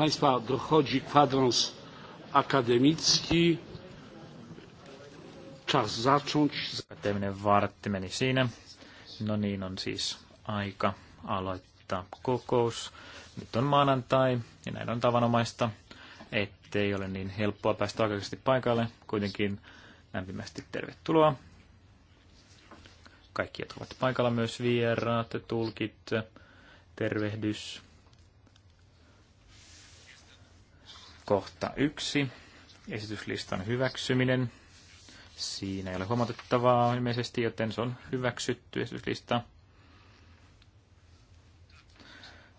Państwa, dochodzi kwadrans akademicki. Czas zacząć. Akateeminen vartti meni siinä. No niin, on siis aika aloittaa kokous. Nyt on maanantai ja näin on tavanomaista, ettei ole niin helppoa päästä aikaisesti paikalle. Kuitenkin lämpimästi tervetuloa. Kaikki, jotka ovat paikalla, myös vieraat, tulkit, tervehdys Kohta yksi. Esityslistan hyväksyminen. Siinä ei ole huomautettavaa ilmeisesti, joten se on hyväksytty esityslista.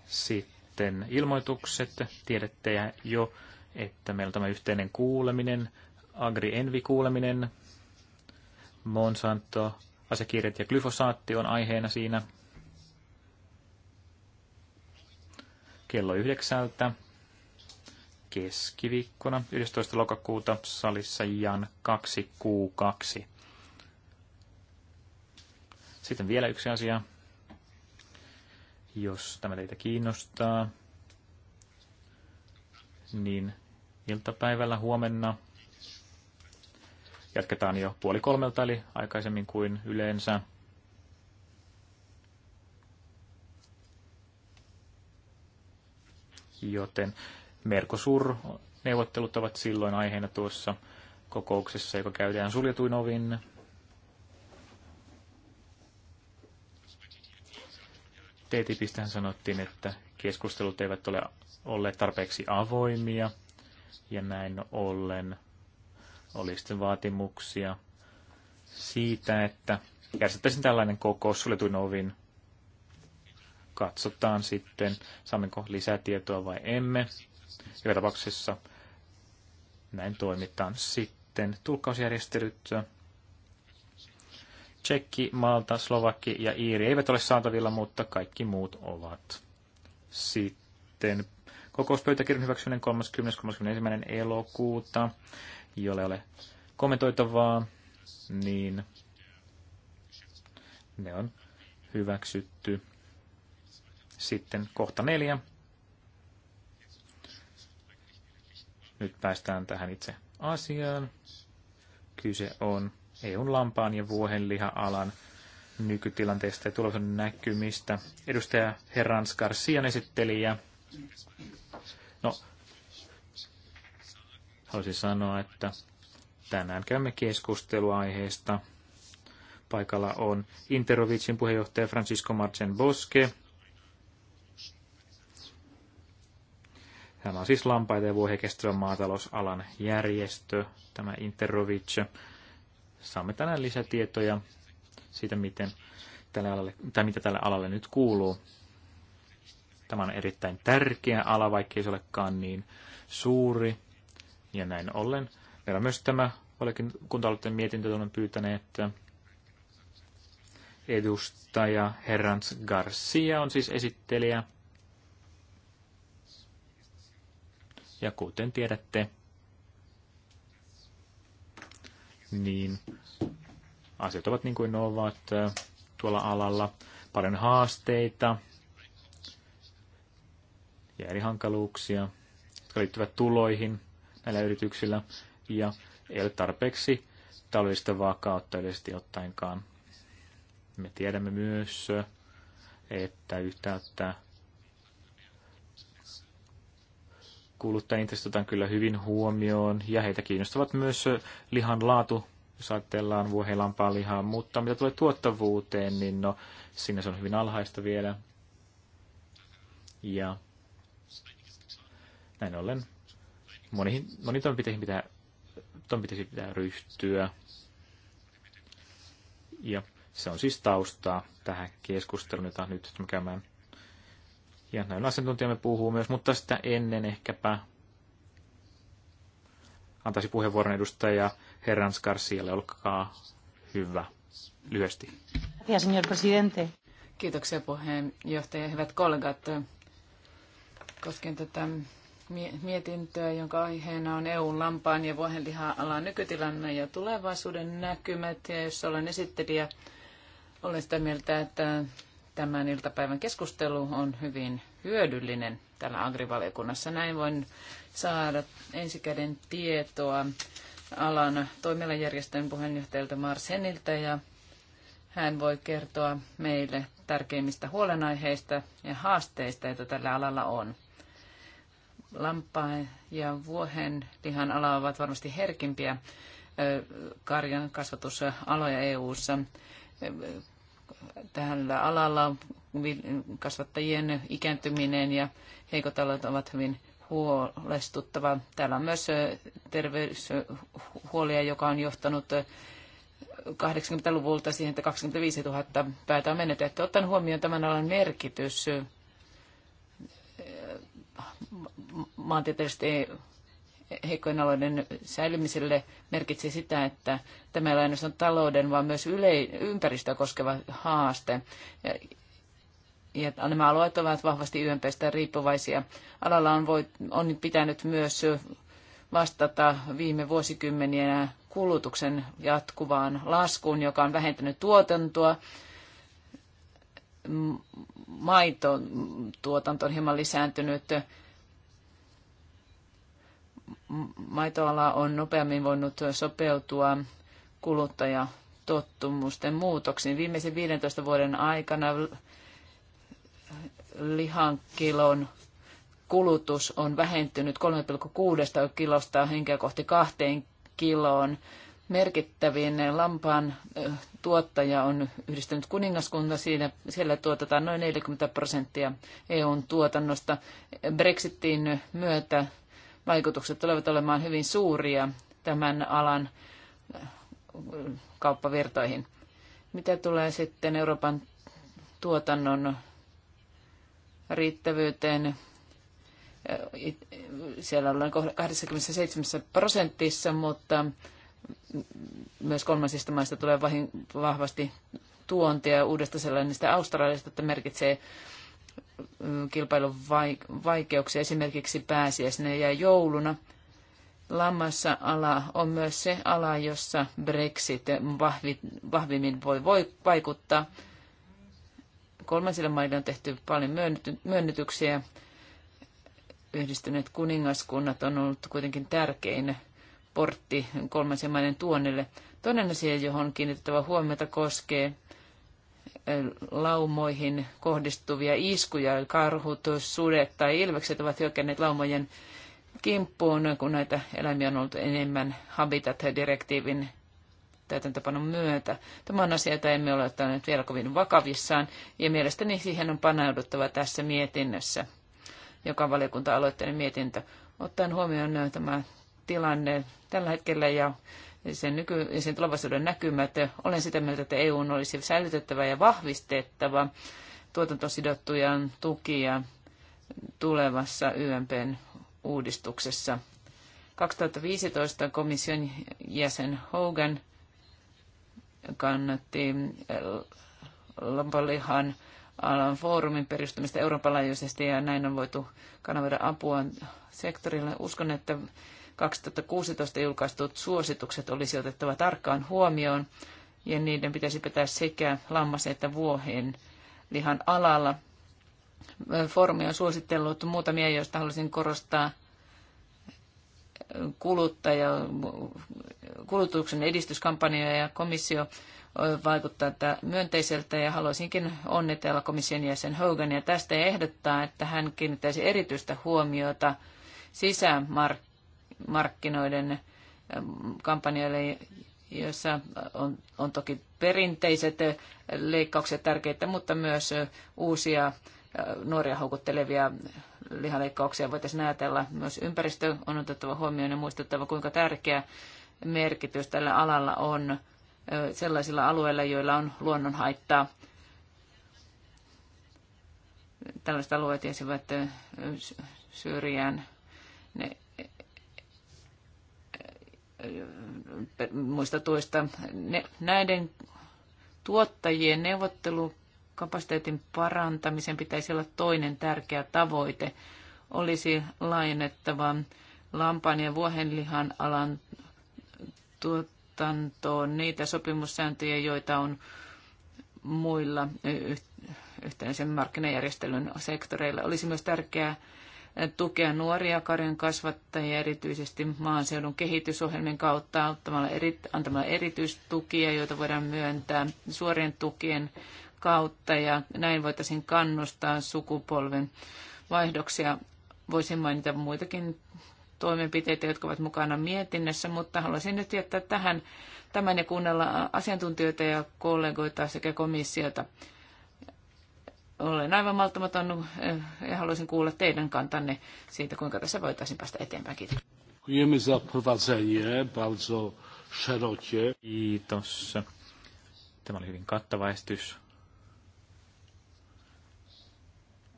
Sitten ilmoitukset. Tiedätte jo, että meillä on tämä yhteinen kuuleminen, Agri-Envi-kuuleminen, Monsanto, asekirjat ja glyfosaatti on aiheena siinä kello yhdeksältä keskiviikkona 11. lokakuuta salissa Jan 2Q2. Sitten vielä yksi asia, jos tämä teitä kiinnostaa, niin iltapäivällä huomenna jatketaan jo puoli kolmelta, eli aikaisemmin kuin yleensä. Joten Mercosur-neuvottelut ovat silloin aiheena tuossa kokouksessa, joka käydään suljetuin ovin. TTIPistähän sanottiin, että keskustelut eivät ole olleet tarpeeksi avoimia ja näin ollen oli sitten vaatimuksia siitä, että järjestettäisiin tällainen kokous suljetuin ovin. Katsotaan sitten, saammeko lisätietoa vai emme. Joka tapauksessa näin toimitaan. Sitten tulkkausjärjestelyt. Tsekki, Malta, Slovakki ja Iiri eivät ole saatavilla, mutta kaikki muut ovat. Sitten kokouspöytäkirjan hyväksyminen 30.31. elokuuta, jolle ole kommentoitavaa, niin ne on hyväksytty. Sitten kohta neljä. Nyt päästään tähän itse asiaan. Kyse on EUn lampaan ja vuohenliha-alan nykytilanteesta ja tulosen näkymistä. Edustaja Herrans Garcian esittelijä. No, haluaisin sanoa, että tänään käymme keskustelua aiheesta. Paikalla on Interovicin puheenjohtaja Francisco Marcen Bosque. Tämä on siis lampaita ja vuohia maatalousalan järjestö, tämä Interovic. Saamme tänään lisätietoja siitä, miten tälle alalle, tai mitä tälle alalle nyt kuuluu. Tämä on erittäin tärkeä ala, ei se olekaan niin suuri. Ja näin ollen. Meillä on myös tämä valiokunta-aloitteen mietintö, pyytäneet edustaja Herrans Garcia on siis esittelijä. Ja kuten tiedätte, niin asiat ovat niin kuin ne ovat tuolla alalla. Paljon haasteita ja eri hankaluuksia, jotka liittyvät tuloihin näillä yrityksillä. Ja ei ole tarpeeksi taloudellista vakautta yleisesti ottaenkaan. Me tiedämme myös, että yhtäältä kuluttajien otetaan kyllä hyvin huomioon ja heitä kiinnostavat myös lihan laatu, jos ajatellaan vuohelampaa lihaa, mutta mitä tulee tuottavuuteen, niin no, siinä se on hyvin alhaista vielä. Ja näin ollen moniin, moniin toimenpiteihin pitää, toimenpiteisiin pitää ryhtyä. Ja se on siis taustaa tähän keskusteluun, jota nyt käymään ja näillä asiantuntijamme puhuu myös, mutta sitä ennen ehkäpä antaisi puheenvuoron edustaja Herran Skarsialle. Olkaa hyvä lyhyesti. Kiitoksia puheenjohtaja. Hyvät kollegat, koskien tätä mietintöä, jonka aiheena on EUn lampaan ja vuohenliha-alan nykytilanne ja tulevaisuuden näkymät. Ja jos olen esittelijä, olen sitä mieltä, että Tämän iltapäivän keskustelu on hyvin hyödyllinen täällä agrivaliokunnassa. Näin voin saada ensikäden tietoa alan toimialajärjestön puheenjohtajalta Mars Heniltä ja hän voi kertoa meille tärkeimmistä huolenaiheista ja haasteista, joita tällä alalla on. Lampaan ja vuohen lihan ala ovat varmasti herkimpiä karjan kasvatusaloja EU-ssa tällä alalla. Kasvattajien ikääntyminen ja heikot alat ovat hyvin huolestuttava. Täällä on myös terveyshuolia, joka on johtanut 80-luvulta siihen, että 25 000 päätä on menetetty. Ottaen huomioon tämän alan merkitys maantieteellisesti heikkojen alueiden säilymiselle merkitsi sitä, että tämä ei ole ainoastaan talouden, vaan myös yle- ympäristöä koskeva haaste. Ja, ja nämä alueet ovat vahvasti ympäristöä riippuvaisia. Alalla on, voit, on pitänyt myös vastata viime vuosikymmeniä kulutuksen jatkuvaan laskuun, joka on vähentänyt tuotantoa. Maitotuotanto on hieman lisääntynyt maitoala on nopeammin voinut sopeutua kuluttajatottumusten muutoksiin. Viimeisen 15 vuoden aikana lihankilon kulutus on vähentynyt 3,6 kilosta henkeä kohti kahteen kiloon. Merkittävin lampaan tuottaja on yhdistynyt kuningaskunta. Siinä, siellä tuotetaan noin 40 prosenttia EUn tuotannosta. Brexitin myötä vaikutukset tulevat olemaan hyvin suuria tämän alan äh, kauppavirtoihin. Mitä tulee sitten Euroopan tuotannon riittävyyteen? Äh, siellä ollaan 27 prosentissa, mutta myös kolmansista maista tulee vahvasti tuontia uudesta sellaisesta Australiasta, että merkitsee kilpailun vaikeuksia esimerkiksi pääsiäisenä ja jouluna. Lammassa ala on myös se ala, jossa Brexit vahvimmin voi, voi vaikuttaa. Kolmansille maille on tehty paljon myönnytyksiä. Yhdistyneet kuningaskunnat on ollut kuitenkin tärkein portti kolmansien maiden tuonnille. Toinen asia, johon kiinnitettävä huomiota koskee laumoihin kohdistuvia iskuja. Karhut, sudet tai ilvekset ovat hyökänneet laumojen kimppuun, kun näitä eläimiä on ollut enemmän Habitat-direktiivin täytäntöpanon myötä. Tämä on asia, jota emme ole ottaneet vielä kovin vakavissaan, ja mielestäni siihen on paneuduttava tässä mietinnössä, joka valiokunta-aloitteinen mietintö. Ottaen huomioon äh, tämä tilanne tällä hetkellä ja sen, nyky, sen tulevaisuuden näkymät. Olen sitä mieltä, että EU olisi säilytettävä ja vahvistettava tuotantosidottuja tukia tulevassa YMPn uudistuksessa. 2015 komission jäsen Hogan kannatti lampalihan alan foorumin perustamista Euroopan laajuisesti ja näin on voitu kanavoida apua sektorille. Uskon, että 2016 julkaistut suositukset olisi otettava tarkkaan huomioon ja niiden pitäisi pitää sekä lammas- että vuohen lihan alalla. Foorumi on suositellut muutamia, joista haluaisin korostaa kuluttaja, kulutuksen edistyskampanjoja ja komissio vaikuttaa myönteiseltä ja haluaisinkin onnitella komission jäsen Hogania tästä ja ehdottaa, että hän kiinnittäisi erityistä huomiota sisämarkkinoihin markkinoiden eh, kampanjoille, joissa on, on toki perinteiset eh, leikkaukset tärkeitä, mutta myös eh, uusia nuoria houkuttelevia lihaleikkauksia voitaisiin ajatella. Myös ympäristö on otettava huomioon ja muistettava, kuinka tärkeä merkitys tällä alalla on sellaisilla alueilla, joilla on luonnonhaittaa. Tällaiset alueet jäisivät syrjään. Ne muista tuosta Ne, näiden tuottajien neuvottelukapasiteetin parantamisen pitäisi olla toinen tärkeä tavoite. Olisi laajennettava lampaan ja vuohenlihan alan tuotantoon niitä sopimussääntöjä, joita on muilla yhteisen markkinajärjestelyn sektoreilla. Olisi myös tärkeää tukea nuoria karjan kasvattajia erityisesti maaseudun kehitysohjelmien kautta auttamalla eri, antamalla erityistukia, joita voidaan myöntää suorien tukien kautta ja näin voitaisiin kannustaa sukupolven vaihdoksia. Voisin mainita muitakin toimenpiteitä, jotka ovat mukana mietinnössä, mutta haluaisin nyt jättää tähän tämän ja kuunnella asiantuntijoita ja kollegoita sekä komissiota. Olen aivan malttamaton eh, ja haluaisin kuulla teidän kantanne siitä, kuinka tässä voitaisiin päästä eteenpäin. Kiitos. Kiitos. Tämä oli hyvin kattava esitys.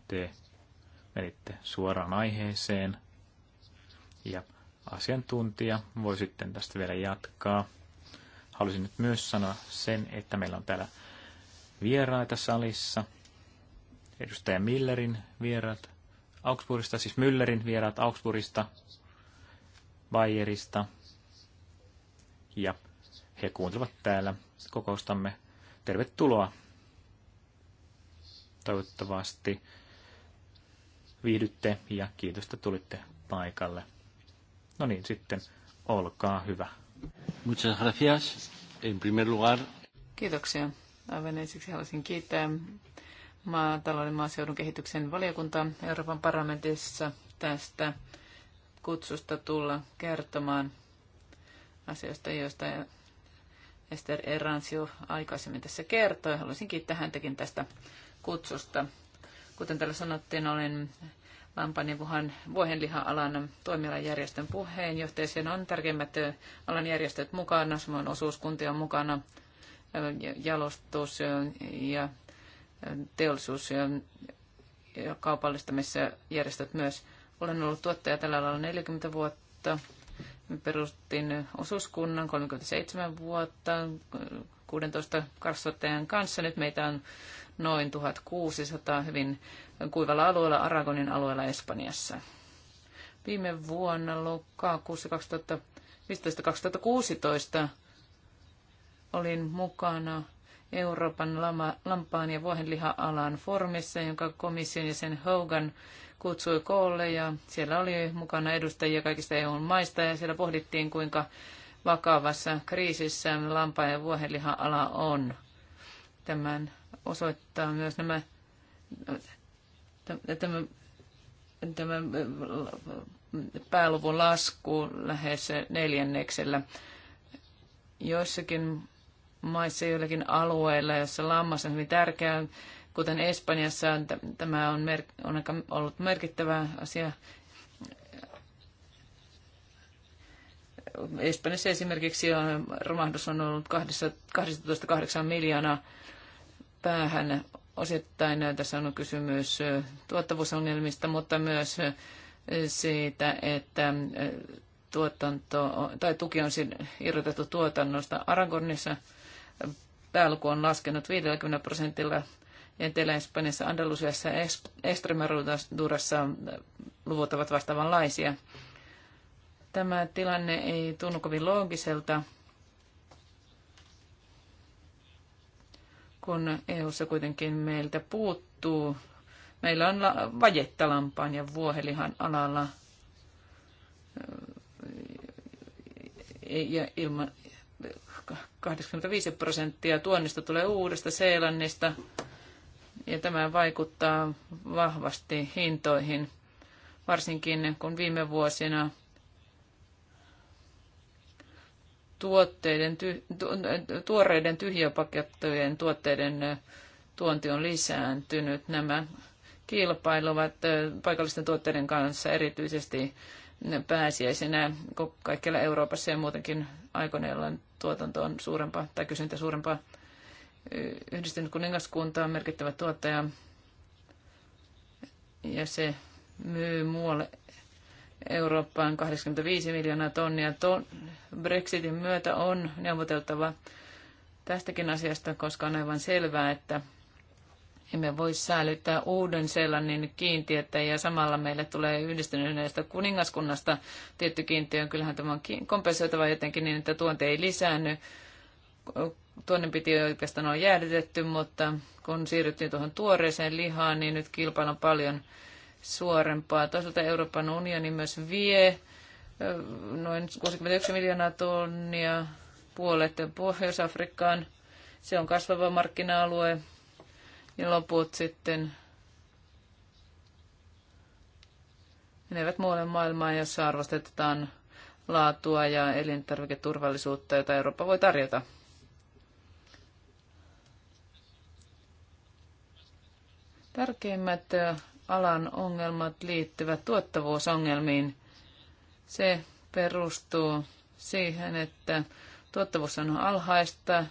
Te menitte suoraan aiheeseen ja asiantuntija voi sitten tästä vielä jatkaa. Halusin nyt myös sanoa sen, että meillä on täällä vieraita salissa – edustaja Millerin vieraat Augsburgista, siis Müllerin vieraat Augsburgista, Bayerista. Ja he kuuntelevat täällä kokoustamme. Tervetuloa. Toivottavasti viihdytte ja kiitos, että tulitte paikalle. No niin, sitten olkaa hyvä. Muchas gracias. En primer lugar. Kiitoksia. Aivan ensiksi haluaisin kiittää maatalouden maaseudun kehityksen valiokunta Euroopan parlamentissa tästä kutsusta tulla kertomaan asioista, joista Ester Eransio aikaisemmin tässä kertoi. Haluaisin kiittää häntäkin tästä kutsusta. Kuten täällä sanottiin, olen Lampan ja Vuhan vuohenliha-alan toimialajärjestön puheenjohtaja. Siinä on tärkeimmät alan järjestöt mukana, samoin osuuskuntia mukana, jalostus ja teollisuus- ja, ja järjestöt myös. Olen ollut tuottaja tällä alalla 40 vuotta. Me perustin osuuskunnan 37 vuotta 16 kasvattajan kanssa. Nyt meitä on noin 1600 hyvin kuivalla alueella, Aragonin alueella Espanjassa. Viime vuonna lokakuussa 2015-2016 olin mukana Euroopan lama, lampaan ja vuohenliha-alan formissa, jonka komission ja sen Hogan kutsui koolle ja siellä oli mukana edustajia kaikista eu maista ja siellä pohdittiin, kuinka vakavassa kriisissä lampaan ja vuohenliha-ala on. Tämän osoittaa myös nämä tämä, tämä pääluvun lasku lähes neljänneksellä. Joissakin maissa joillakin alueilla, jossa lammas on hyvin tärkeää, kuten Espanjassa tämä on, mer- on ollut merkittävä asia. Espanjassa esimerkiksi on, romahdus on ollut 12,8 miljoonaa päähän. Osittain äh, tässä on kysymys äh, tuottavuusongelmista, mutta myös äh, siitä, että tuotanto, tai tuki on irrotettu tuotannosta. Aragonissa pääluku on laskenut 50 prosentilla. Etelä-Espanjassa, Andalusiassa ja Estremadurassa luvut ovat vastaavanlaisia. Tämä tilanne ei tunnu kovin loogiselta, kun EU:ssa kuitenkin meiltä puuttuu. Meillä on vajetta lampaan ja vuohelihan alalla ja ilman, 85 prosenttia tuonnista tulee uudesta Seelannista ja tämä vaikuttaa vahvasti hintoihin, varsinkin kun viime vuosina tuotteiden, tuoreiden tyhjöpakettujen tuotteiden tuonti on lisääntynyt. Nämä kilpailuvat äh, paikallisten tuotteiden kanssa erityisesti pääsiäisenä kaikkialla Euroopassa ja muutenkin aikoina, tuotanto on suurempaa tai kysyntä suurempaa. Yhdistynyt kuningaskunta on merkittävä tuottaja ja se myy muualle Eurooppaan 85 miljoonaa tonnia. Ton Brexitin myötä on neuvoteltava tästäkin asiasta, koska on aivan selvää, että emme voi säilyttää uuden sellainen kiintiötä ja samalla meille tulee yhdistyneestä kuningaskunnasta tietty kiintiö. Kyllähän tämä on kompensoitava jotenkin niin, että tuonti ei lisäänny. Tuonne piti oikeastaan olla jäädytetty, mutta kun siirryttiin tuohon tuoreeseen lihaan, niin nyt on paljon suorempaa. Toisaalta Euroopan unioni myös vie noin 61 miljoonaa tonnia puolet Pohjois-Afrikkaan. Se on kasvava markkina-alue ja loput sitten menevät muualle maailmaan, jossa arvostetaan laatua ja elintarviketurvallisuutta, jota Eurooppa voi tarjota. Tärkeimmät alan ongelmat liittyvät tuottavuusongelmiin. Se perustuu siihen, että tuottavuus on alhaista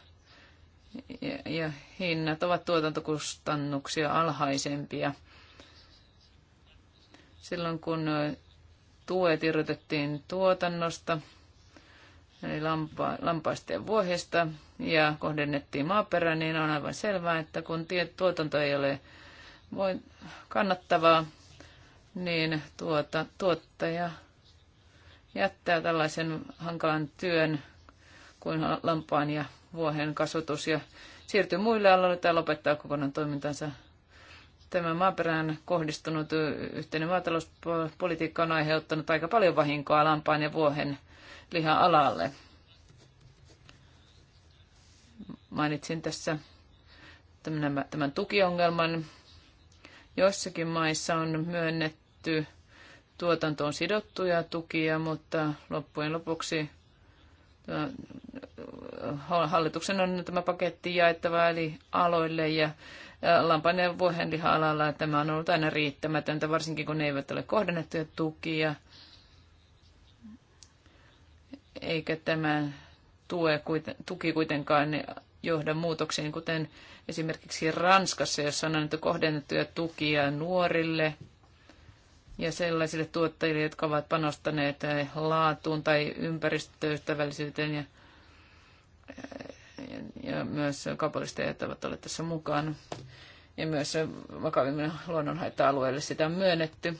ja, ja hinnat ovat tuotantokustannuksia alhaisempia. Silloin kun tuet irrotettiin tuotannosta, eli lampa, lampaista ja ja kohdennettiin maaperään, niin on aivan selvää, että kun tuotanto ei ole voi kannattavaa, niin tuota, tuottaja jättää tällaisen hankalan työn kuin lampaan ja vuohen kasvatus ja siirtyy muille aloille tai lopettaa kokonaan toimintansa. Tämä maaperään kohdistunut yhteinen maatalouspolitiikka on aiheuttanut aika paljon vahinkoa lampaan ja vuohen lihan alalle. Mainitsin tässä tämän tukiongelman. Joissakin maissa on myönnetty tuotantoon sidottuja tukia, mutta loppujen lopuksi hallituksen on tämä paketti jaettava eli aloille ja lampan ja vuohenliha-alalla tämä on ollut aina riittämätöntä, varsinkin kun ne eivät ole kohdennettuja tukia. Eikä tämä tue, tuki kuitenkaan johda muutoksiin, kuten esimerkiksi Ranskassa, jossa on annettu kohdennettuja tukia nuorille ja sellaisille tuottajille, jotka ovat panostaneet laatuun tai ympäristöystävällisyyteen ja ja myös kaupalliset ovat olleet tässä mukaan. Ja myös vakavimmin luonnonhaitta alueelle sitä on myönnetty.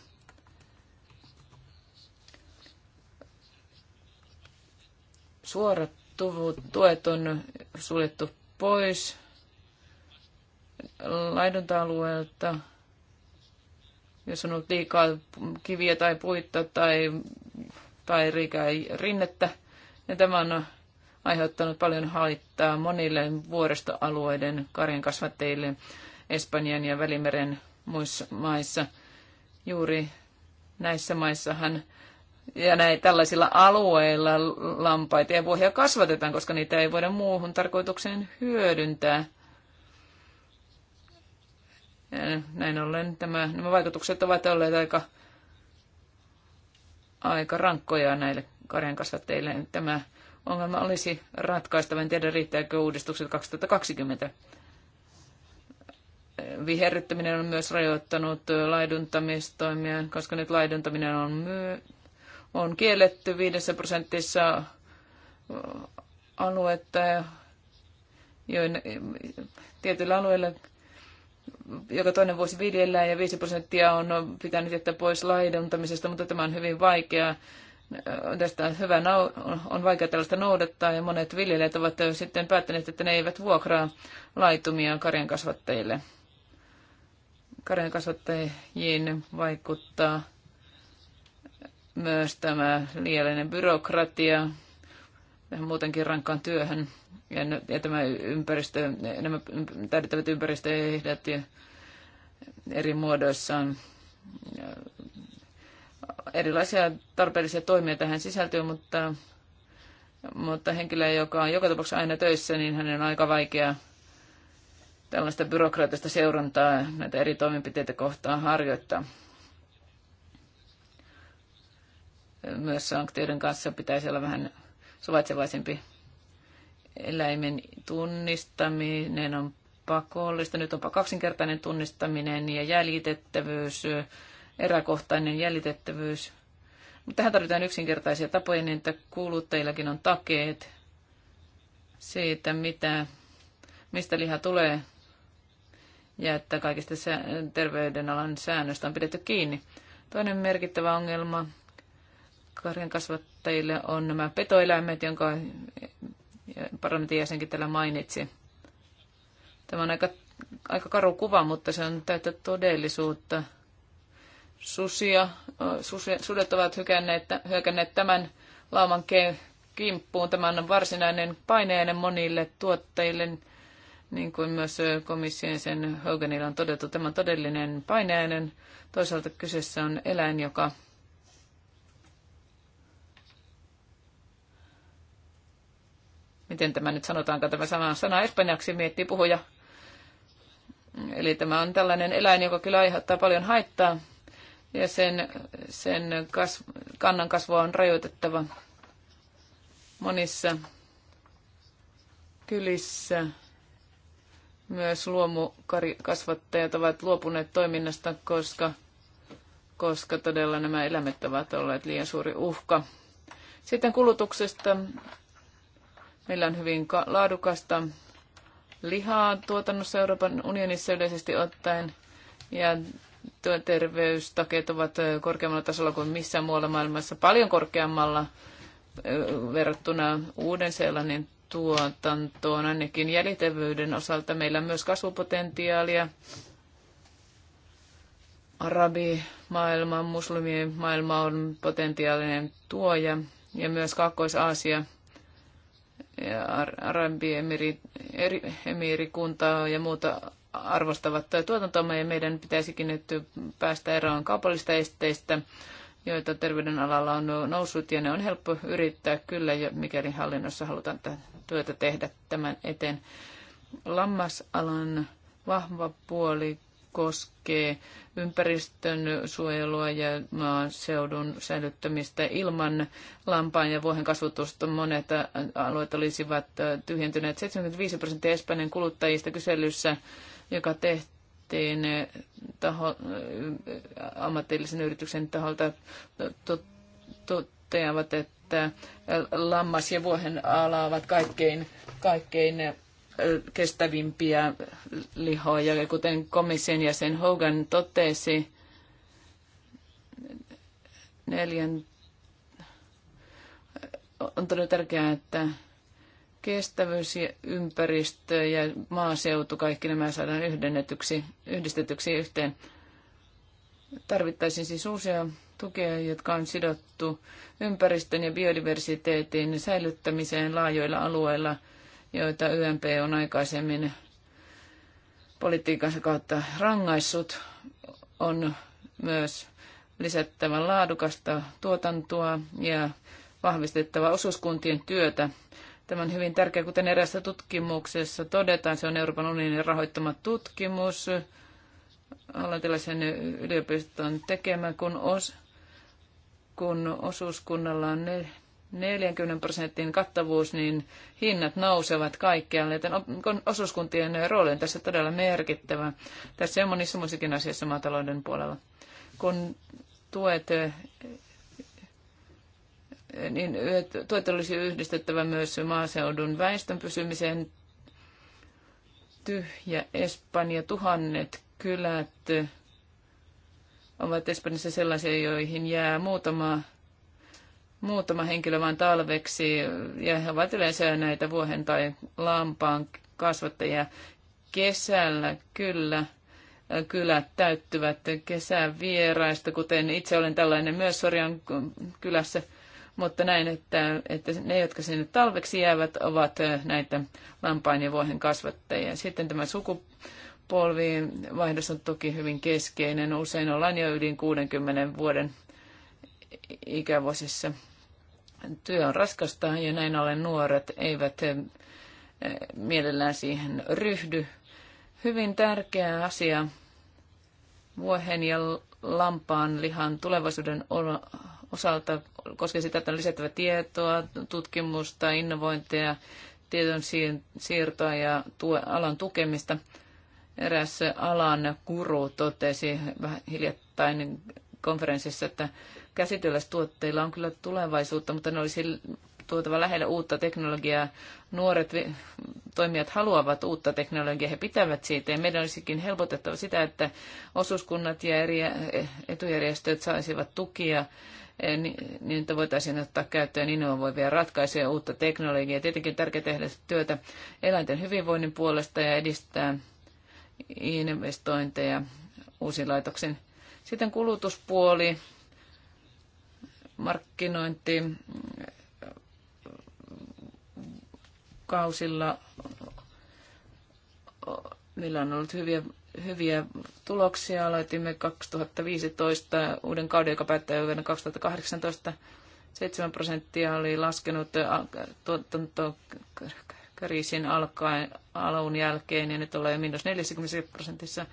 Suorat tuet on suljettu pois laidunta-alueelta, jos on ollut liikaa kiviä tai puita tai, tai rinnettä. niin tämä on aiheuttanut paljon haittaa monille vuoristoalueiden karjankasvattajille Espanjan ja Välimeren muissa maissa. Juuri näissä maissahan ja näin tällaisilla alueilla lampaita ja vuohia kasvatetaan, koska niitä ei voida muuhun tarkoitukseen hyödyntää. Ja näin ollen tämä, nämä vaikutukset ovat olleet aika, aika rankkoja näille karjankasvattajille. Tämä ongelma olisi ratkaistava. En tiedä, riittääkö uudistukset 2020. Viherryttäminen on myös rajoittanut laiduntamistoimia, koska nyt laiduntaminen on, my- on kielletty 5 prosentissa aluetta, join tietyillä alueilla joka toinen vuosi viljellään ja 5 prosenttia on pitänyt jättää pois laiduntamisesta, mutta tämä on hyvin vaikeaa Äh, tästä hyvä on vaikea tällaista noudattaa ja monet viljelijät ovat äh, sitten päättäneet, että ne eivät vuokraa laitumia karjankasvattajille. kasvattajille. vaikuttaa myös tämä liiallinen byrokratia tähän muutenkin rankkaan työhön ja, ja tämä ympäristö, nämä täydettävät ympäristöehdot ja eri muodoissaan Erilaisia tarpeellisia toimia tähän sisältyy, mutta, mutta henkilö, joka on joka tapauksessa aina töissä, niin hänen on aika vaikea tällaista byrokraattista seurantaa näitä eri toimenpiteitä kohtaan harjoittaa. Myös sanktioiden kanssa pitäisi olla vähän suvaitsevaisempi. Eläimen tunnistaminen on pakollista. Nyt onpa kaksinkertainen tunnistaminen ja jäljitettävyys eräkohtainen jäljitettävyys. Mutta tähän tarvitaan yksinkertaisia tapoja niin, että kuluttajillakin on takeet siitä, mitä, mistä liha tulee ja että kaikista terveydenalan säännöstä on pidetty kiinni. Toinen merkittävä ongelma karjan kasvattajille on nämä petoeläimet, jonka parlamentin jäsenkin täällä mainitsi. Tämä on aika, aika karu kuva, mutta se on täyttä todellisuutta. Susia, sudet ovat hyökänneet, hyökänneet tämän lauman kimppuun. Tämä on varsinainen paineinen monille tuottajille, niin kuin myös komission sen Hoganilla on todettu. Tämä on todellinen paineinen. Toisaalta kyseessä on eläin, joka miten tämä nyt sanotaan? tämä sama sana espanjaksi, miettii puhuja. Eli tämä on tällainen eläin, joka kyllä aiheuttaa paljon haittaa ja sen, sen kas, kannan kasvua on rajoitettava monissa kylissä. Myös luomukasvattajat ovat luopuneet toiminnasta, koska, koska todella nämä eläimet ovat olleet liian suuri uhka. Sitten kulutuksesta. Meillä on hyvin laadukasta lihaa tuotannossa Euroopan unionissa yleisesti ottaen. Ja terveystakeet ovat korkeammalla tasolla kuin missään muualla maailmassa, paljon korkeammalla verrattuna Uuden-Seelannin tuotantoon, ainakin jäljitevyyden osalta. Meillä on myös kasvupotentiaalia arabimaailma, muslimien maailma on potentiaalinen tuoja ja myös Kaakkois-Aasia ja Arabiemiirikuntaa ja muuta arvostavat tuotantomme ja meidän pitäisikin nyt päästä eroon kaupallista esteistä, joita terveydenalalla on noussut ja ne on helppo yrittää kyllä, mikäli hallinnossa halutaan työtä tehdä tämän eteen. Lammasalan vahva puoli koskee ympäristön suojelua ja maaseudun säilyttämistä ilman lampaan ja vuohen kasvatusta. Monet alueet olisivat tyhjentyneet. 75 prosenttia Espanjan kuluttajista kyselyssä joka tehtiin eh, taho, eh, ammatillisen yrityksen taholta, toteavat, että eh, lammas- ja ala ovat kaikkein, kaikkein kestävimpiä lihoja. Ja kuten komission jäsen Hogan totesi, neljän, on todella tärkeää, että kestävyys ja ympäristö ja maaseutu, kaikki nämä saadaan yhdistetyksi yhteen. Tarvittaisiin siis uusia tukea, jotka on sidottu ympäristön ja biodiversiteetin säilyttämiseen laajoilla alueilla, joita YMP on aikaisemmin politiikansa kautta rangaissut. On myös lisättävä laadukasta tuotantoa ja vahvistettava osuuskuntien työtä Tämä on hyvin tärkeä, kuten erässä tutkimuksessa todetaan. Se on Euroopan unionin rahoittama tutkimus hollantilaisen yliopiston tekemä, kun, os, kun osuuskunnalla on 40 prosentin kattavuus, niin hinnat nousevat kaikkialle. Joten osuuskuntien rooli on tässä todella merkittävä. Tässä on monissa muissakin asioissa maatalouden puolella. Kun tuet niin tuet olisi yhdistettävä myös maaseudun väestön pysymiseen. Tyhjä Espanja, tuhannet kylät ovat Espanjassa sellaisia, joihin jää muutama, muutama henkilö vain talveksi, ja he ovat yleensä näitä vuohen tai lampaan kasvattajia. Kesällä kyllä kylät täyttyvät kesävieraista, kuten itse olen tällainen myös Sorjan kylässä – mutta näin, että, että ne, jotka sinne talveksi jäävät, ovat näitä lampain ja vuohen kasvattajia. Sitten tämä vaihdos on toki hyvin keskeinen. Usein ollaan jo yli 60 vuoden ikävuosissa. Työ on raskasta ja näin ollen nuoret eivät mielellään siihen ryhdy. Hyvin tärkeä asia vuohen ja lampaan lihan tulevaisuuden osalta koskee sitä, että on lisättävä tietoa, tutkimusta, innovointeja, tiedon siirtoa ja alan tukemista. Eräs alan guru totesi vähän hiljattain konferenssissa, että käsityöläistuotteilla on kyllä tulevaisuutta, mutta ne olisi tuotava lähelle uutta teknologiaa. Nuoret toimijat haluavat uutta teknologiaa, he pitävät siitä ja meidän olisikin helpotettava sitä, että osuuskunnat ja eri e- etujärjestöt saisivat tukia niin että voitaisiin ottaa käyttöön innovoivia ratkaisuja ja uutta teknologiaa. Tietenkin on tärkeää tehdä työtä eläinten hyvinvoinnin puolesta ja edistää investointeja uusiin laitoksiin. Sitten kulutuspuoli, markkinointi kausilla, millä on ollut hyviä hyviä tuloksia. Aloitimme 2015 uuden kauden, joka päättää vuonna 2018. 7 prosenttia oli laskenut äh, tuotantokriisin alkaen, alun jälkeen ja nyt ollaan jo miinus 40 prosentissa.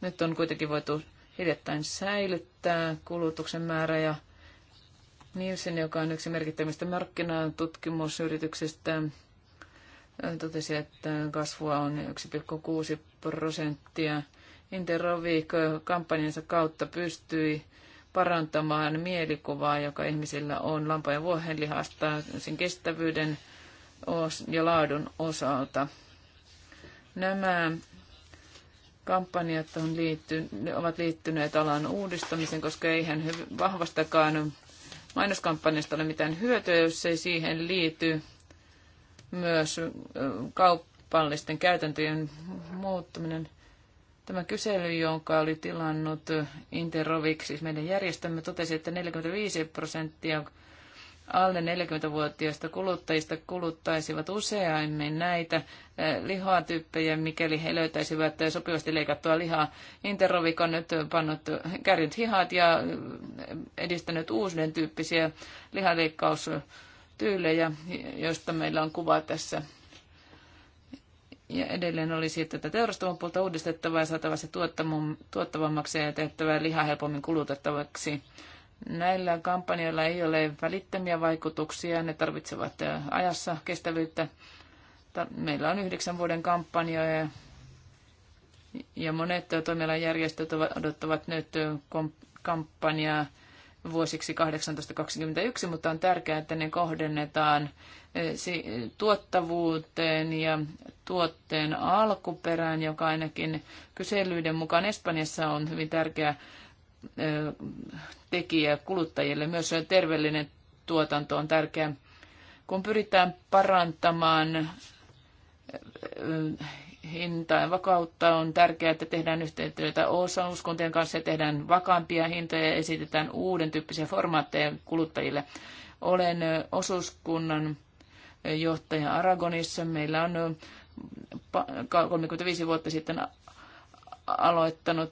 Nyt on kuitenkin voitu hiljattain säilyttää kulutuksen määrä ja Nielsen, joka on yksi merkittävistä markkinatutkimusyrityksistä, totesi, että kasvua on 1,6 prosenttia. Interroviik kampanjansa kautta pystyi parantamaan mielikuvaa, joka ihmisillä on lampa- ja vuohenlihasta, sen kestävyyden ja laadun osalta. Nämä kampanjat on liitty, ovat liittyneet alan uudistamiseen, koska eihän vahvastakaan mainoskampanjasta ole mitään hyötyä, jos ei siihen liity myös kaupallisten käytäntöjen muuttuminen. Tämä kysely, jonka oli tilannut Interrovik, siis meidän järjestömme, totesi, että 45 prosenttia alle 40-vuotiaista kuluttajista kuluttaisivat useammin näitä lihatyyppejä, mikäli he löytäisivät sopivasti leikattua lihaa. Interrovik on nyt pannut kärjyt hihat ja edistänyt uusien tyyppisiä lihaleikkaus tyylejä, joista meillä on kuva tässä. Ja edelleen olisi tätä teurastavan puolta uudistettava ja saatava se tuottavammaksi ja tehtävä liha helpommin kulutettavaksi. Näillä kampanjoilla ei ole välittömiä vaikutuksia, ne tarvitsevat ajassa kestävyyttä. Meillä on yhdeksän vuoden kampanjoja ja monet toimialan järjestöt odottavat nyt kampanjaa vuosiksi 1821, mutta on tärkeää, että ne kohdennetaan eh, tuottavuuteen ja tuotteen alkuperään, joka ainakin kyselyiden mukaan Espanjassa on hyvin tärkeä eh, tekijä kuluttajille. Myös terveellinen tuotanto on tärkeä. Kun pyritään parantamaan eh, hintaan vakautta. On tärkeää, että tehdään yhteistyötä osauskuntien kanssa ja tehdään vakaampia hintoja ja esitetään uuden tyyppisiä formaatteja kuluttajille. Olen osuuskunnan johtaja Aragonissa. Meillä on 35 vuotta sitten aloittanut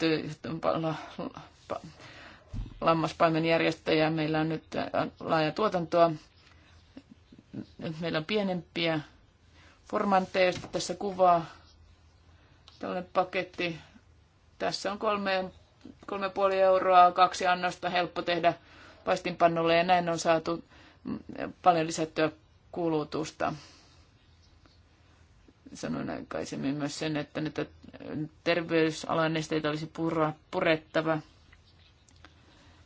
lammaspaimen järjestäjä. Meillä on nyt laaja tuotantoa. Nyt meillä on pienempiä formanteista tässä kuvaa tällainen paketti. Tässä on kolme, kolme puoli euroa, kaksi annosta, helppo tehdä paistinpannulle ja näin on saatu paljon lisättyä kulutusta. Sanoin aikaisemmin myös sen, että näitä terveysalan esteitä olisi pura, purettava.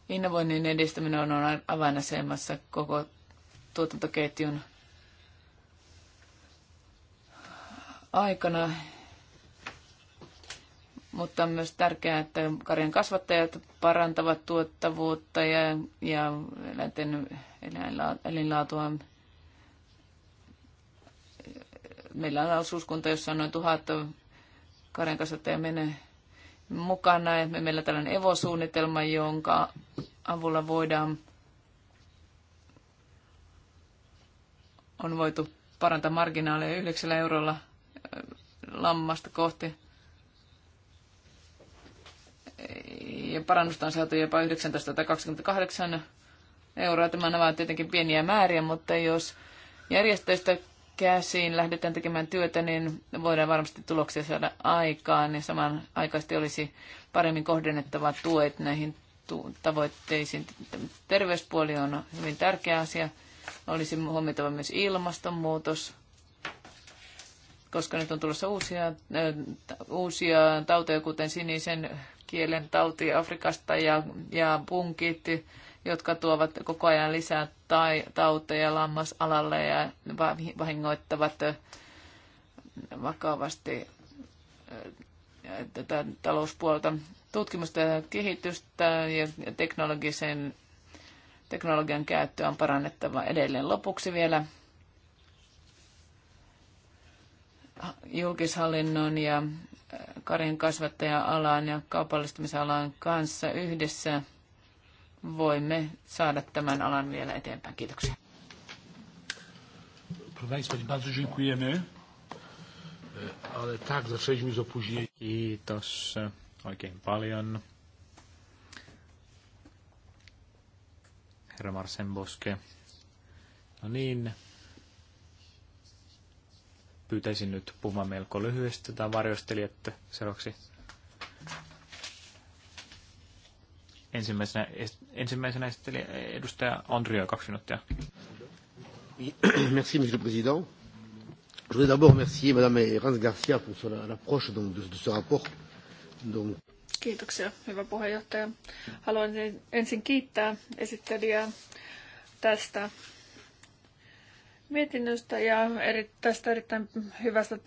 Innovoinnin edistäminen on avainasemassa koko tuotantoketjun aikana mutta on myös tärkeää, että karjan kasvattajat parantavat tuottavuutta ja, ja eläinten elinlaatua. Meillä on osuuskunta, jossa on noin tuhat karjan kasvattajia menee mukana. Ja meillä on tällainen evosuunnitelma, jonka avulla voidaan on voitu parantaa marginaaleja yhdeksällä eurolla lammasta kohti ja parannusta on saatu jopa 19 tai 28 euroa. Tämä ovat tietenkin pieniä määriä, mutta jos järjestöistä käsiin lähdetään tekemään työtä, niin voidaan varmasti tuloksia saada aikaan ja samanaikaisesti olisi paremmin kohdennettava tuet näihin tavoitteisiin. Terveyspuoli on hyvin tärkeä asia. Olisi huomioitava myös ilmastonmuutos, koska nyt on tulossa uusia, uusia tauteja, kuten sinisen kielen tauti Afrikasta ja, ja punkit, jotka tuovat koko ajan lisää tai, tauteja lammasalalle ja vahingoittavat vakavasti tätä talouspuolta. Tutkimusta ja kehitystä ja teknologisen, teknologian käyttöä on parannettava edelleen lopuksi vielä. Julkishallinnon ja karjan kasvattaja-alan ja kaupallistamisalan kanssa yhdessä voimme saada tämän alan vielä eteenpäin. Kiitoksia. E, Kiitos oikein paljon. Herra Marsen Boske. No niin, pyytäisin nyt puhumaan melko lyhyesti tätä varjostelijat seuraavaksi. Ensimmäisenä, ensimmäisenä esitteli edustaja Andrio, kaksi minuuttia. Merci, monsieur le président. Je voudrais d'abord remercier madame Erance Garcia pour son approche donc, de, de ce rapport. Donc... Kiitoksia, hyvä puheenjohtaja. Haluan ensin kiittää esittelijää tästä mietinnöstä ja eri, tästä erittäin hyvästä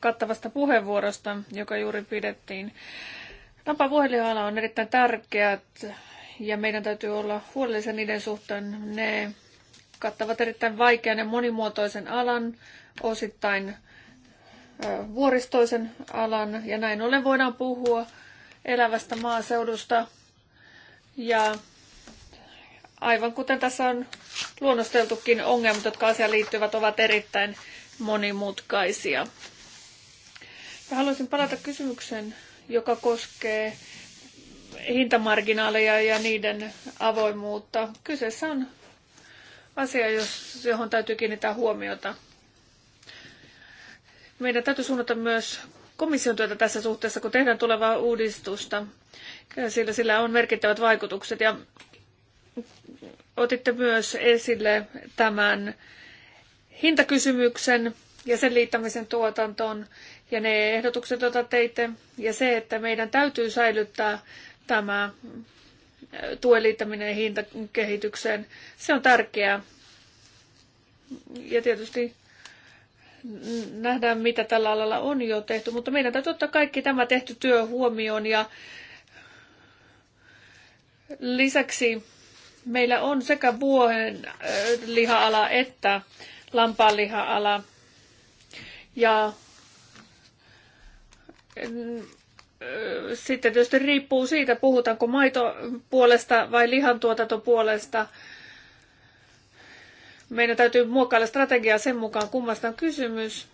kattavasta puheenvuorosta, joka juuri pidettiin. Napapuhelihalla on erittäin tärkeät ja meidän täytyy olla huolellisia niiden suhteen. Ne kattavat erittäin vaikean ja monimuotoisen alan, osittain vuoristoisen alan ja näin ollen voidaan puhua elävästä maaseudusta ja aivan kuten tässä on luonnosteltukin, ongelmat, jotka asiaan liittyvät, ovat erittäin monimutkaisia. Mä haluaisin palata kysymykseen, joka koskee hintamarginaaleja ja niiden avoimuutta. Kyseessä on asia, johon täytyy kiinnittää huomiota. Meidän täytyy suunnata myös komission työtä tässä suhteessa, kun tehdään tulevaa uudistusta, sillä sillä on merkittävät vaikutukset. Ja otitte myös esille tämän hintakysymyksen ja sen liittämisen tuotantoon ja ne ehdotukset, joita teitte, ja se, että meidän täytyy säilyttää tämä äh, tuen liittäminen hintakehitykseen, se on tärkeää. Ja tietysti nähdään, mitä tällä alalla on jo tehty, mutta meidän täytyy ottaa kaikki tämä tehty työ huomioon ja lisäksi meillä on sekä vuohen liha-ala että lampaan liha-ala. Ja sitten tietysti riippuu siitä, puhutaanko maitopuolesta vai lihantuotantopuolesta. Meidän täytyy muokkailla strategiaa sen mukaan, kummasta on kysymys.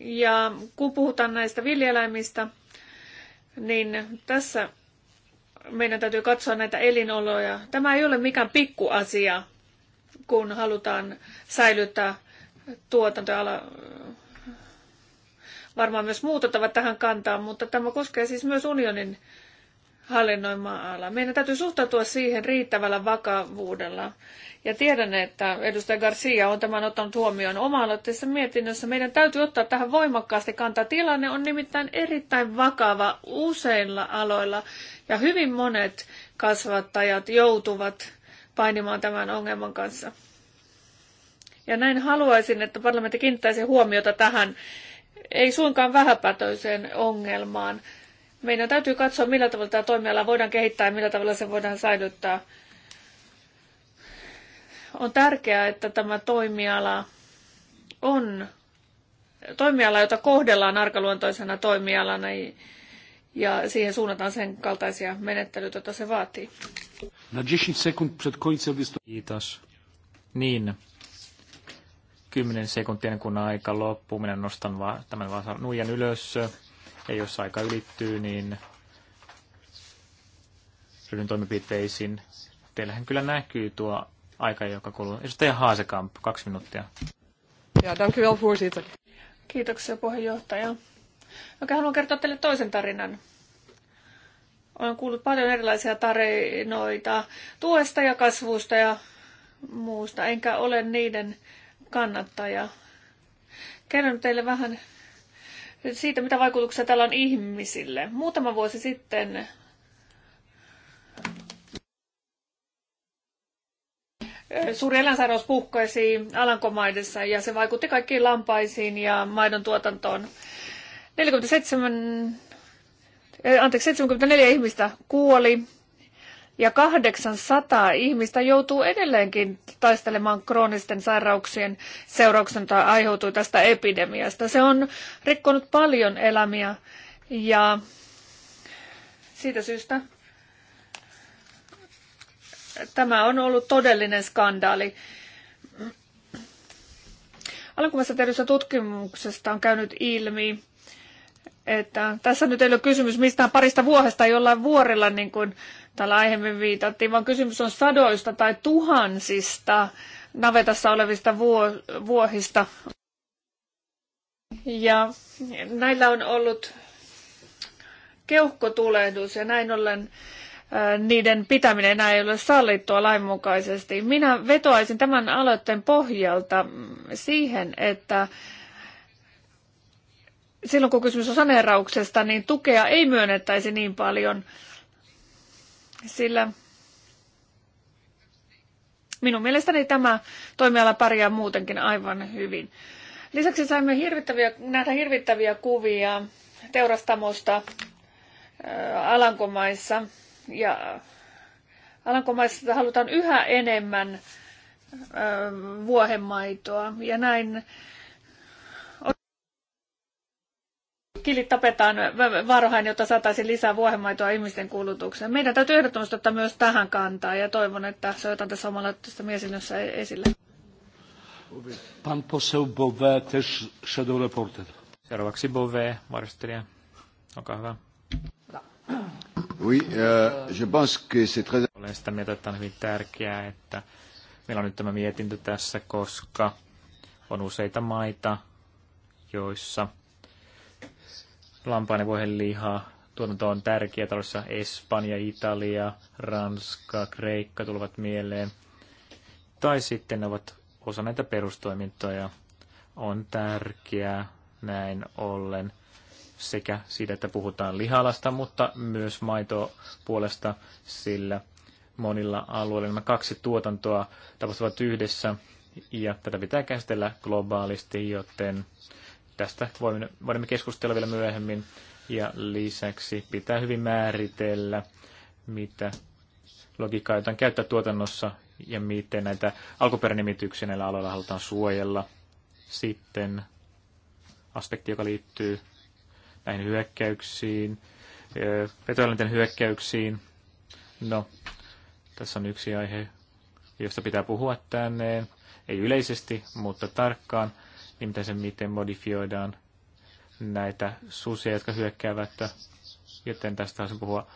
Ja kun puhutaan näistä viljeläimistä, niin tässä meidän täytyy katsoa näitä elinoloja. Tämä ei ole mikään pikkuasia, kun halutaan säilyttää tuotantoala. Varmaan myös muut ottavat tähän kantaa, mutta tämä koskee siis myös unionin hallinnoimaa alaa. Meidän täytyy suhtautua siihen riittävällä vakavuudella. Ja tiedän, että edustaja Garcia on tämän ottanut huomioon oma-aloitteessa mietinnössä. Meidän täytyy ottaa tähän voimakkaasti kantaa. Tilanne on nimittäin erittäin vakava useilla aloilla ja hyvin monet kasvattajat joutuvat painimaan tämän ongelman kanssa. Ja näin haluaisin, että parlamentti kiinnittäisi huomiota tähän ei suinkaan vähäpätöiseen ongelmaan, meidän täytyy katsoa, millä tavalla tämä toimiala voidaan kehittää ja millä tavalla se voidaan säilyttää. On tärkeää, että tämä toimiala on toimiala, jota kohdellaan arkaluontoisena toimialana ja siihen suunnataan sen kaltaisia menettelyitä, joita se vaatii. Kiitos. Niin. Kymmenen sekuntia, kun aika loppuu, minä nostan vaan tämän vaan nuijan ylös. Ja jos aika ylittyy, niin ryhdyn toimenpiteisiin. Teillähän kyllä näkyy tuo aika, joka kuluu. Edustaja Haasekamp, kaksi minuuttia. Ja, danke u wel, voorzitter. Kiitoksia, puheenjohtaja. Okei, haluan kertoa teille toisen tarinan. Olen kuullut paljon erilaisia tarinoita tuesta ja kasvusta ja muusta, enkä ole niiden kannattaja. Kerron teille vähän siitä, mitä vaikutuksia tällä on ihmisille. Muutama vuosi sitten suuri eläinsairaus puhkaisi Alankomaidessa ja se vaikutti kaikkiin lampaisiin ja maidon tuotantoon. 47, eh, anteeksi, 74 ihmistä kuoli ja 800 ihmistä joutuu edelleenkin taistelemaan kroonisten sairauksien seurauksena tai aiheutuu tästä epidemiasta. Se on rikkonut paljon elämiä ja siitä syystä tämä on ollut todellinen skandaali. Alkuvassa tehdyssä tutkimuksesta on käynyt ilmi, että tässä nyt ei ole kysymys mistään parista vuohesta jollain vuorilla, niin kuin Täällä aiemmin viitattiin, vaan kysymys on sadoista tai tuhansista navetassa olevista vuohista. Ja näillä on ollut keuhkotulehdus ja näin ollen niiden pitäminen enää ei ole sallittua lainmukaisesti. Minä vetoaisin tämän aloitteen pohjalta siihen, että silloin kun kysymys on saneerauksesta, niin tukea ei myönnettäisi niin paljon sillä minun mielestäni tämä toimiala pärjää muutenkin aivan hyvin. Lisäksi saimme hirvittäviä, nähdä hirvittäviä kuvia teurastamosta Alankomaissa. Ja Alankomaissa halutaan yhä enemmän vuohenmaitoa ja näin kilit tapetaan varhain, jotta saataisiin lisää vuohenmaitoa ihmisten kulutukseen. Meidän täytyy ehdottomasti ottaa myös tähän kantaa ja toivon, että se otan tässä omalla tästä miesinnössä e- esille. Pan poseł Bove, też shadow reporter. Seuraavaksi Bove, Olkaa hyvä. Oui, euh, je pense que c'est très... Olen sitä mieltä, että on hyvin tärkeää, että meillä on nyt tämä mietintö tässä, koska on useita maita, joissa lampaan ja vuohen lihaa. Tuotanto on tärkeä talossa Espanja, Italia, Ranska, Kreikka tulevat mieleen. Tai sitten ne ovat osa näitä perustoimintoja. On tärkeää näin ollen sekä siitä, että puhutaan lihalasta, mutta myös puolesta. sillä monilla alueilla nämä kaksi tuotantoa tapahtuvat yhdessä ja tätä pitää käsitellä globaalisti, joten Tästä voimme, voimme keskustella vielä myöhemmin. Ja lisäksi pitää hyvin määritellä, mitä logiikkaa jotain käyttää tuotannossa ja miten näitä alkuperänimityksiä näillä aloilla halutaan suojella. Sitten aspekti, joka liittyy näihin hyökkäyksiin, petoeläinten hyökkäyksiin. No, tässä on yksi aihe, josta pitää puhua tänne, ei yleisesti, mutta tarkkaan. Niin miten se miten modifioidaan näitä susia, jotka hyökkäävät, joten tästä haluaisin puhua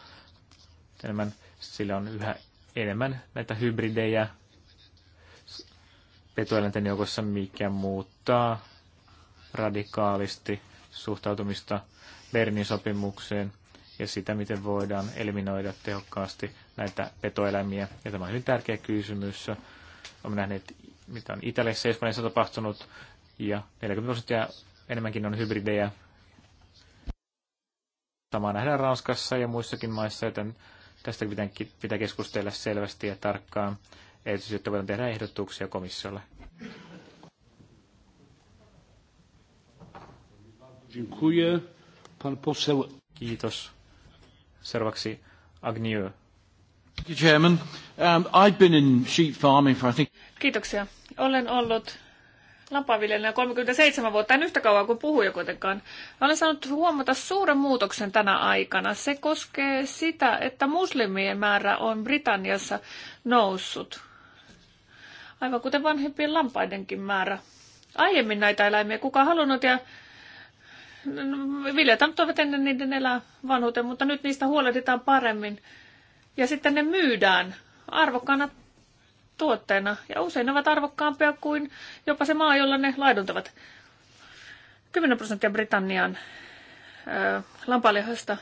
enemmän. Sillä on yhä enemmän näitä hybridejä petueläinten joukossa, mikä muuttaa radikaalisti suhtautumista Bernin sopimukseen ja sitä, miten voidaan eliminoida tehokkaasti näitä petoeläimiä. Ja tämä on hyvin tärkeä kysymys. Olemme nähneet, mitä on Italiassa ja Espanjassa tapahtunut ja 40 prosenttia enemmänkin on hybridejä. Sama nähdään Ranskassa ja muissakin maissa, joten tästä pitää, pitää keskustella selvästi ja tarkkaan, erityisesti voidaan tehdä ehdotuksia komissiolle. Dziękuję. Pan poseł... Kiitos. Seuraavaksi Agnew. Kiitos, um, I've been in sheep farming for I think... Kiitoksia. Olen ollut lampaanviljelijänä 37 vuotta, en yhtä kauan kuin puhuja kuitenkaan. Olen saanut huomata suuren muutoksen tänä aikana. Se koskee sitä, että muslimien määrä on Britanniassa noussut. Aivan kuten vanhempien lampaidenkin määrä. Aiemmin näitä eläimiä kuka halunnut ja viljelijät ovat ennen niiden elää vanhuuteen, mutta nyt niistä huolehditaan paremmin. Ja sitten ne myydään arvokkaana tuotteena ja usein ne ovat arvokkaampia kuin jopa se maa, jolla ne laiduntavat. 10 prosenttia Britannian lampaalihasta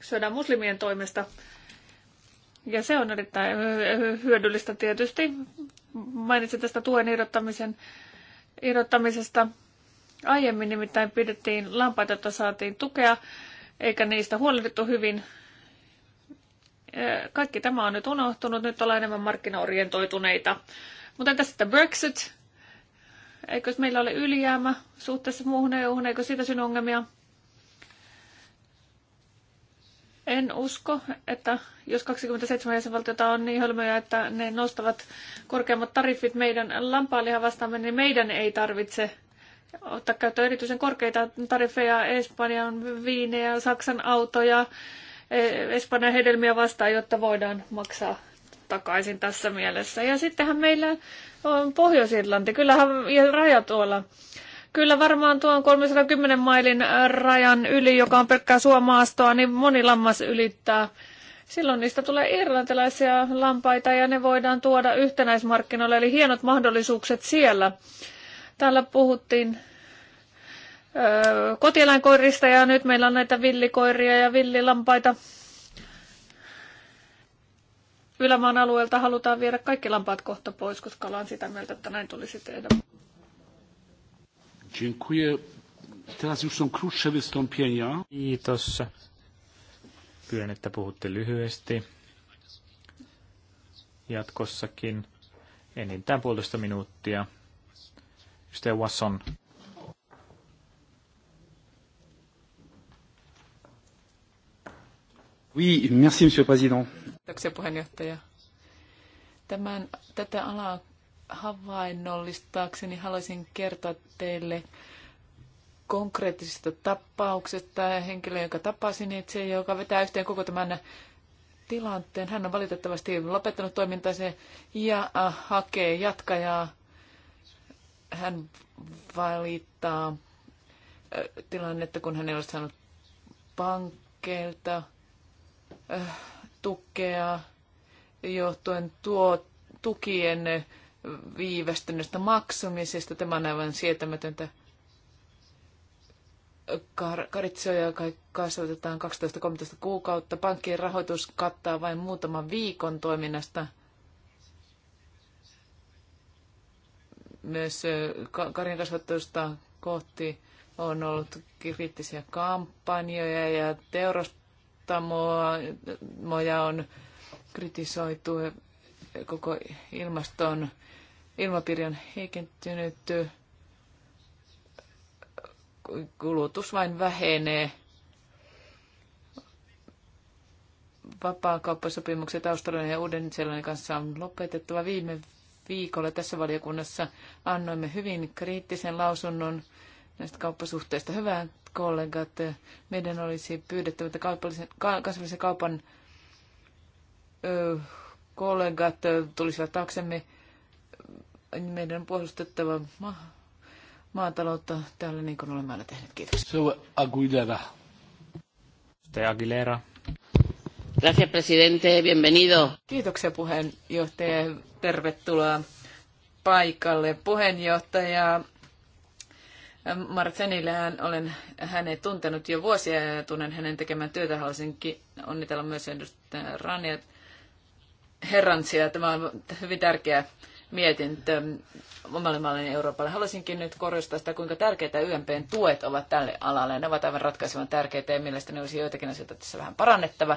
syödään muslimien toimesta. Ja se on erittäin hyödyllistä tietysti. Mainitsin tästä tuen irrottamisen, irrottamisesta. Aiemmin nimittäin pidettiin lampaita, että saatiin tukea, eikä niistä huolehdittu hyvin. Kaikki tämä on nyt unohtunut, nyt ollaan enemmän markkinaorientoituneita. Mutta entäs sitten Brexit? Eikö meillä ole ylijäämä suhteessa muuhun eu Eikö siitä synny ongelmia? En usko, että jos 27 jäsenvaltiota on niin hölmöjä, että ne nostavat korkeammat tariffit meidän lampaalihan vastaamme, niin meidän ei tarvitse ottaa käyttöön erityisen korkeita tariffeja Espanjan viinejä, Saksan autoja, Eh, Espanjan hedelmiä vastaan, jotta voidaan maksaa takaisin tässä mielessä. Ja sittenhän meillä on Pohjois-Irlanti, kyllähän ja raja tuolla. Kyllä varmaan tuon 310 mailin rajan yli, joka on pelkkää suomaastoa, niin moni lammas ylittää. Silloin niistä tulee irlantilaisia lampaita ja ne voidaan tuoda yhtenäismarkkinoille, eli hienot mahdollisuukset siellä. Täällä puhuttiin kotieläinkoirista ja nyt meillä on näitä villikoiria ja villilampaita. Ylämaan alueelta halutaan viedä kaikki lampaat kohta pois, koska ollaan sitä mieltä, että näin tulisi tehdä. Dziękuję. Teraz już są krótsze wystąpienia. Kiitos. Pyydän, että puhutte lyhyesti. Jatkossakin enintään puolitoista minuuttia. Ystävä Wasson. Oui, merci, monsieur président. Kiitoksia puheenjohtaja. Tämän, tätä alaa havainnollistaakseni haluaisin kertoa teille konkreettisesta tapauksesta henkilö, jonka tapasin itse, niin joka vetää yhteen koko tämän tilanteen. Hän on valitettavasti lopettanut toimintansa ja äh, hakee jatkajaa. Hän valittaa äh, tilannetta, kun hän ei ole saanut pankkeilta tukea johtuen tuo, tukien viivästyneestä maksamisesta. Tämä on aivan sietämätöntä. Kar- karitsoja kasvatetaan 12-13 kuukautta. Pankkien rahoitus kattaa vain muutaman viikon toiminnasta. Myös karin kasvatusta kohti on ollut kriittisiä kampanjoja ja teurastuksia moja on kritisoitu koko ilmaston ilmapiiri on heikentynyt, kulutus vain vähenee. Vapaakauppasopimukset Australian ja Uuden-Seelannin kanssa on lopetettava viime viikolla tässä valiokunnassa annoimme hyvin kriittisen lausunnon näistä kauppasuhteista. Hyvää kollegat, meidän olisi pyydettävä, että kansainvälisen kaupan ö, kollegat tulisivat taaksemme. Meidän on puolustettava ma- maataloutta täällä niin kuin olemme aina tehneet. Kiitos. So, Aguilera. Te Aguilera. Gracias, presidente. Bienvenido. Kiitoksia puheenjohtaja. Tervetuloa paikalle puheenjohtaja Marzenille olen hänet tuntenut jo vuosia ja tunnen hänen tekemään työtä. Haluaisinkin onnitella myös edustaja Rania Herransia. Tämä on hyvin tärkeä mietintö omalle maalle Euroopalle. Haluaisinkin nyt korostaa sitä, kuinka tärkeitä YMPn tuet ovat tälle alalle. Ne ovat aivan ratkaisevan tärkeitä ja mielestäni olisi joitakin asioita tässä vähän parannettava.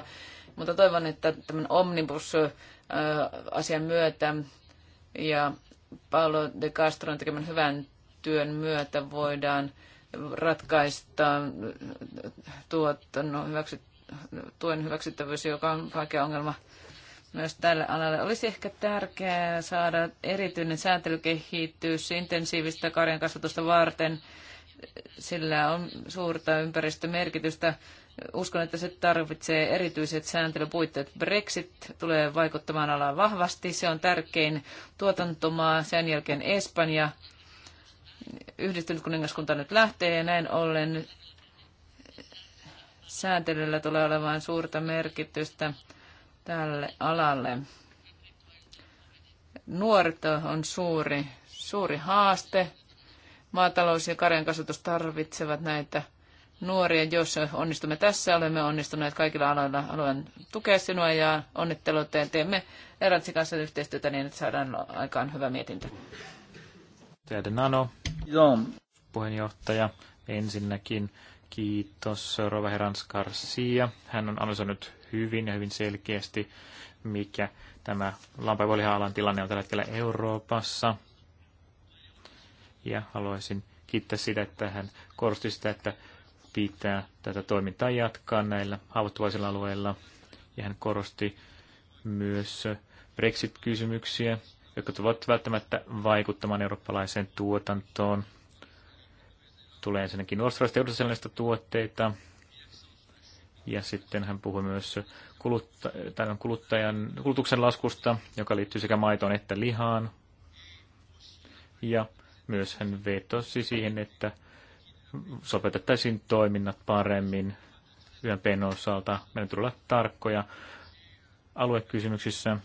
Mutta toivon, että tämän omnibus-asian myötä ja Paolo de Castron tekemän hyvän yhteistyön myötä voidaan ratkaista tuotannon hyväksy, tuen hyväksyttävyys, joka on vaikea ongelma myös tälle alalle. Olisi ehkä tärkeää saada erityinen sääntelykehitys intensiivistä karjan kasvatusta varten. Sillä on suurta ympäristömerkitystä. Uskon, että se tarvitsee erityiset sääntelypuitteet. Brexit tulee vaikuttamaan alaan vahvasti. Se on tärkein tuotantomaa. Sen jälkeen Espanja, yhdistynyt kuningaskunta nyt lähtee ja näin ollen sääntelyllä tulee olemaan suurta merkitystä tälle alalle. Nuorto on suuri, suuri haaste. Maatalous ja kasvatus tarvitsevat näitä nuoria. Jos onnistumme tässä, olemme onnistuneet kaikilla aloilla. Haluan tukea sinua ja onnittelut. Teemme Erantsi kanssa yhteistyötä niin, että saadaan aikaan hyvä mietintö. Teade Nano, Joo. puheenjohtaja, ensinnäkin kiitos Rova Herans Garcia. Hän on analysoinut hyvin ja hyvin selkeästi, mikä tämä lampaivuoliha-alan tilanne on tällä hetkellä Euroopassa. Ja haluaisin kiittää sitä, että hän korosti sitä, että pitää tätä toimintaa jatkaa näillä haavoittuvaisilla alueilla. Ja hän korosti myös Brexit-kysymyksiä jotka tulevat välttämättä vaikuttamaan eurooppalaiseen tuotantoon. Tulee ensinnäkin australiasta ja tuotteita. Ja sitten hän puhui myös kulutta- kuluttajan, kulutuksen laskusta, joka liittyy sekä maitoon että lihaan. Ja myös hän vetosi siihen, että sopetettaisiin toiminnat paremmin YMPn osalta. Meidän tulee olla tarkkoja aluekysymyksissä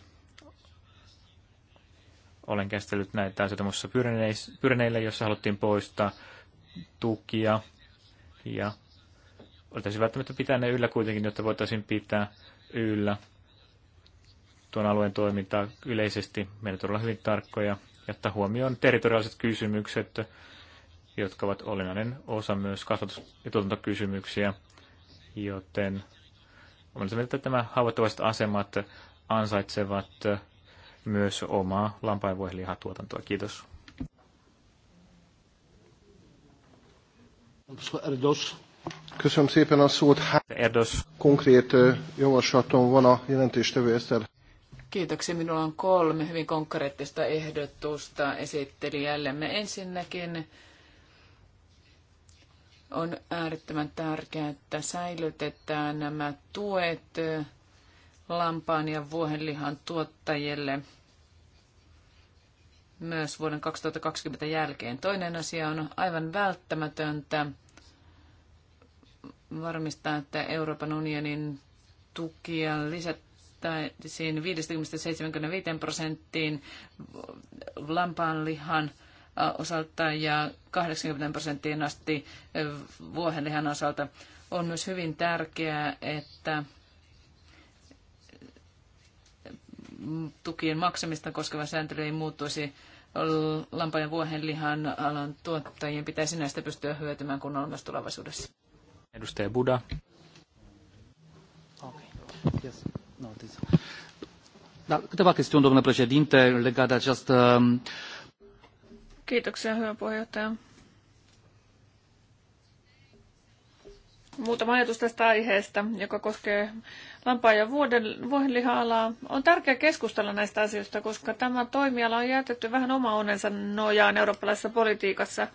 olen käsitellyt näitä asioita muissa pyreneillä, jossa haluttiin poistaa tukia ja oltaisiin välttämättä pitää ne yllä kuitenkin, jotta voitaisiin pitää yllä tuon alueen toimintaa yleisesti. Meillä on todella hyvin tarkkoja ja ottaa huomioon territoriaaliset kysymykset, jotka ovat olennainen osa myös kasvatus- ja tuotantokysymyksiä, joten olen sitä mieltä, että nämä haavoittuvaiset asemat ansaitsevat myös omaa lampaanvuohilihatuotantoa. Kiitos. Erdos. Kiitoksia. Minulla on kolme hyvin konkreettista ehdotusta esittelijällemme. Ensinnäkin on äärettömän tärkeää, että säilytetään nämä tuet lampaan ja vuohenlihan tuottajille myös vuoden 2020 jälkeen. Toinen asia on aivan välttämätöntä varmistaa, että Euroopan unionin tukia lisättäisiin 50-75 prosenttiin lampaanlihan osalta ja 80 prosenttiin asti vuohenlihan osalta. On myös hyvin tärkeää, että tukien maksamista koskeva sääntely ei muuttuisi. Lampajan vuohen lihan alan tuottajien pitäisi näistä pystyä hyötymään kunnolla myös tulevaisuudessa. Edustaja Buda. Okay. Yes. No, this. Da, câteva chestiuni, domnule președinte, legate de această... Kiitoksia, hyvä puheenjohtaja. Muutama ajatus tästä aiheesta, joka koskee lampaa- ja vuohenliha-alaa. On tärkeää keskustella näistä asioista, koska tämä toimiala on jätetty vähän oma onensa nojaan eurooppalaisessa politiikassa.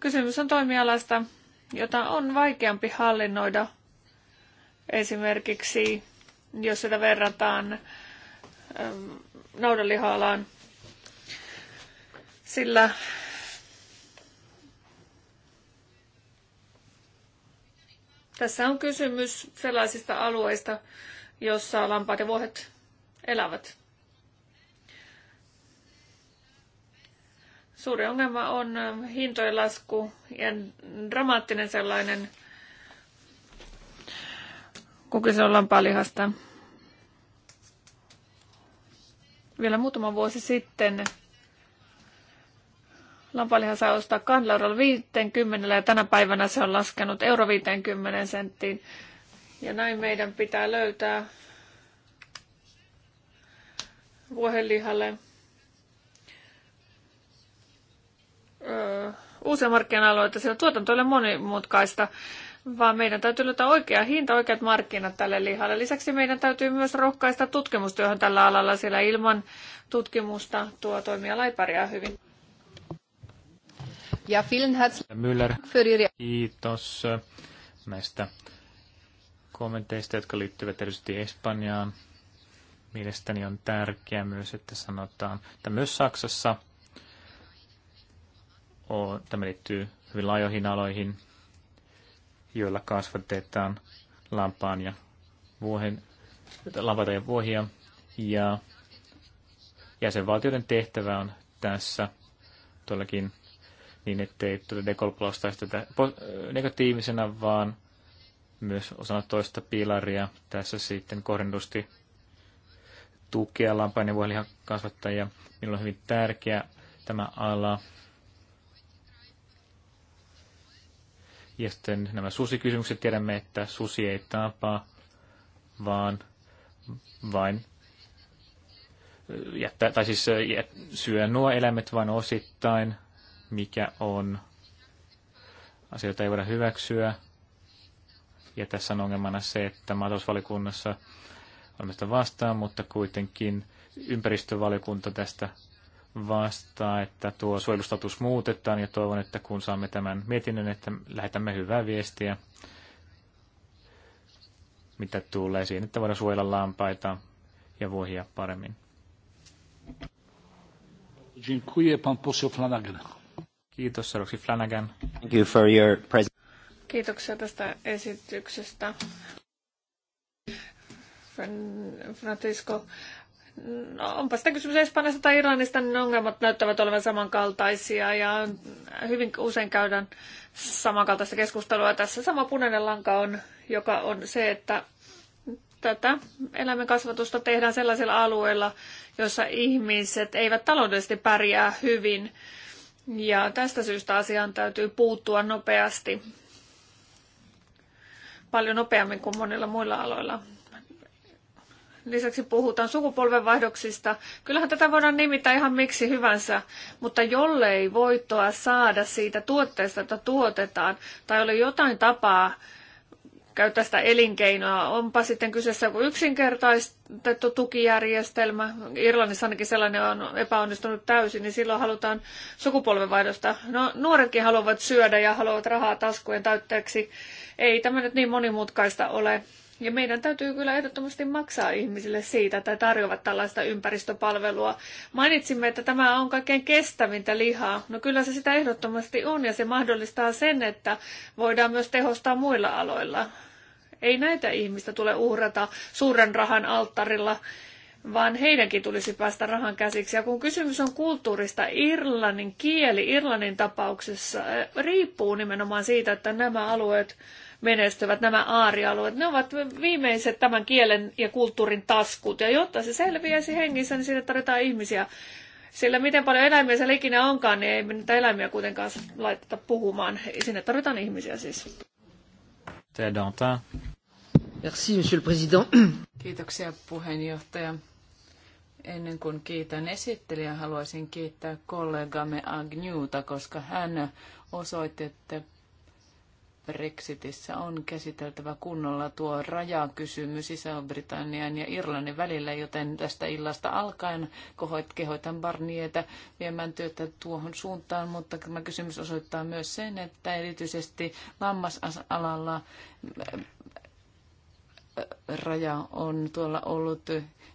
Kysymys on toimialasta, jota on vaikeampi hallinnoida esimerkiksi, jos sitä verrataan ähm, naudanliha-alaan. Sillä Tässä on kysymys sellaisista alueista, jossa lampaat ja vuohet elävät. Suuri ongelma on hintojen lasku ja dramaattinen sellainen, kun kyse on lampaalihasta. Vielä muutama vuosi sitten Lampalihan saa ostaa 2 50 ja tänä päivänä se on laskenut euro 50 senttiin. Ja näin meidän pitää löytää vuohenlihalle öö, uusia markkina-alueita, sillä tuotanto on monimutkaista, vaan meidän täytyy löytää oikea hinta, oikeat markkinat tälle lihalle. Lisäksi meidän täytyy myös rohkaista tutkimustyöhön tällä alalla, sillä ilman tutkimusta tuo toimiala ei pärjää hyvin. Ja vielen Müller, kiitos äh, näistä kommenteista, jotka liittyvät erityisesti Espanjaan. Mielestäni on tärkeää myös, että sanotaan, että myös Saksassa on, tämä liittyy hyvin laajoihin aloihin, joilla kasvatetaan lampaan ja vuohen, lampaita ja vuohia. Ja jäsenvaltioiden tehtävä on tässä todellakin niin ettei tuota dekolplaustaista negatiivisena, vaan myös osana toista pilaria. Tässä sitten kohdennusti tukea lampainen vuolihan kasvattajia. Minulla on hyvin tärkeä tämä ala. Ja sitten nämä susikysymykset. Tiedämme, että susi ei tapaa, vaan vain jättää, tai siis syö nuo eläimet vain osittain – mikä on. Asioita ei voida hyväksyä. Ja tässä on ongelmana se, että maatalousvalikunnassa olemme tästä vastaan, mutta kuitenkin ympäristövaliokunta tästä vastaa, että tuo suojelustatus muutetaan ja toivon, että kun saamme tämän mietinnön, että lähetämme hyvää viestiä, mitä tulee siihen, että voidaan suojella lampaita ja vuohia paremmin. Dziękuję pan poseł Flanagan. Kiitos seuraavaksi Flanagan. Thank you for your Kiitoksia tästä esityksestä. Francisco, no, onpa sitä kysymys Espanjasta tai Irlannista, niin ongelmat näyttävät olevan samankaltaisia ja hyvin usein käydään samankaltaista keskustelua. Tässä sama punainen lanka on, joka on se, että tätä kasvatusta tehdään sellaisilla alueilla, joissa ihmiset eivät taloudellisesti pärjää hyvin ja tästä syystä asiaan täytyy puuttua nopeasti, paljon nopeammin kuin monilla muilla aloilla. Lisäksi puhutaan sukupolvenvaihdoksista. Kyllähän tätä voidaan nimittää ihan miksi hyvänsä, mutta jollei voittoa saada siitä tuotteesta, jota tuotetaan, tai ole jotain tapaa käyttää sitä elinkeinoa. Onpa sitten kyseessä joku yksinkertaistettu tukijärjestelmä, Irlannissa ainakin sellainen on epäonnistunut täysin, niin silloin halutaan sukupolvenvaihdosta. No, nuoretkin haluavat syödä ja haluavat rahaa taskujen täytteeksi. Ei tämä nyt niin monimutkaista ole. Ja meidän täytyy kyllä ehdottomasti maksaa ihmisille siitä, että tarjoavat tällaista ympäristöpalvelua. Mainitsimme, että tämä on kaikkein kestävintä lihaa. No kyllä se sitä ehdottomasti on ja se mahdollistaa sen, että voidaan myös tehostaa muilla aloilla. Ei näitä ihmistä tule uhrata suuren rahan alttarilla, vaan heidänkin tulisi päästä rahan käsiksi. Ja kun kysymys on kulttuurista, Irlannin kieli Irlannin tapauksessa eh, riippuu nimenomaan siitä, että nämä alueet menestyvät, nämä aarialueet, ne ovat viimeiset tämän kielen ja kulttuurin taskut. Ja jotta se selviäisi hengissä, niin siitä tarvitaan ihmisiä. Sillä miten paljon eläimiä siellä ikinä onkaan, niin ei me niitä eläimiä kuitenkaan laiteta puhumaan. Sinne tarvitaan ihmisiä siis. Dantin. Merci, monsieur le président. Kiitoksia puheenjohtaja. Ennen kuin kiitän esittelijää, haluaisin kiittää kollegamme Agnewta, koska hän osoitti, että Brexitissä on käsiteltävä kunnolla tuo rajakysymys Iso-Britannian ja Irlannin välillä, joten tästä illasta alkaen kehoitan Barnietä viemään työtä tuohon suuntaan, mutta tämä kysymys osoittaa myös sen, että erityisesti lammasalalla raja on tuolla ollut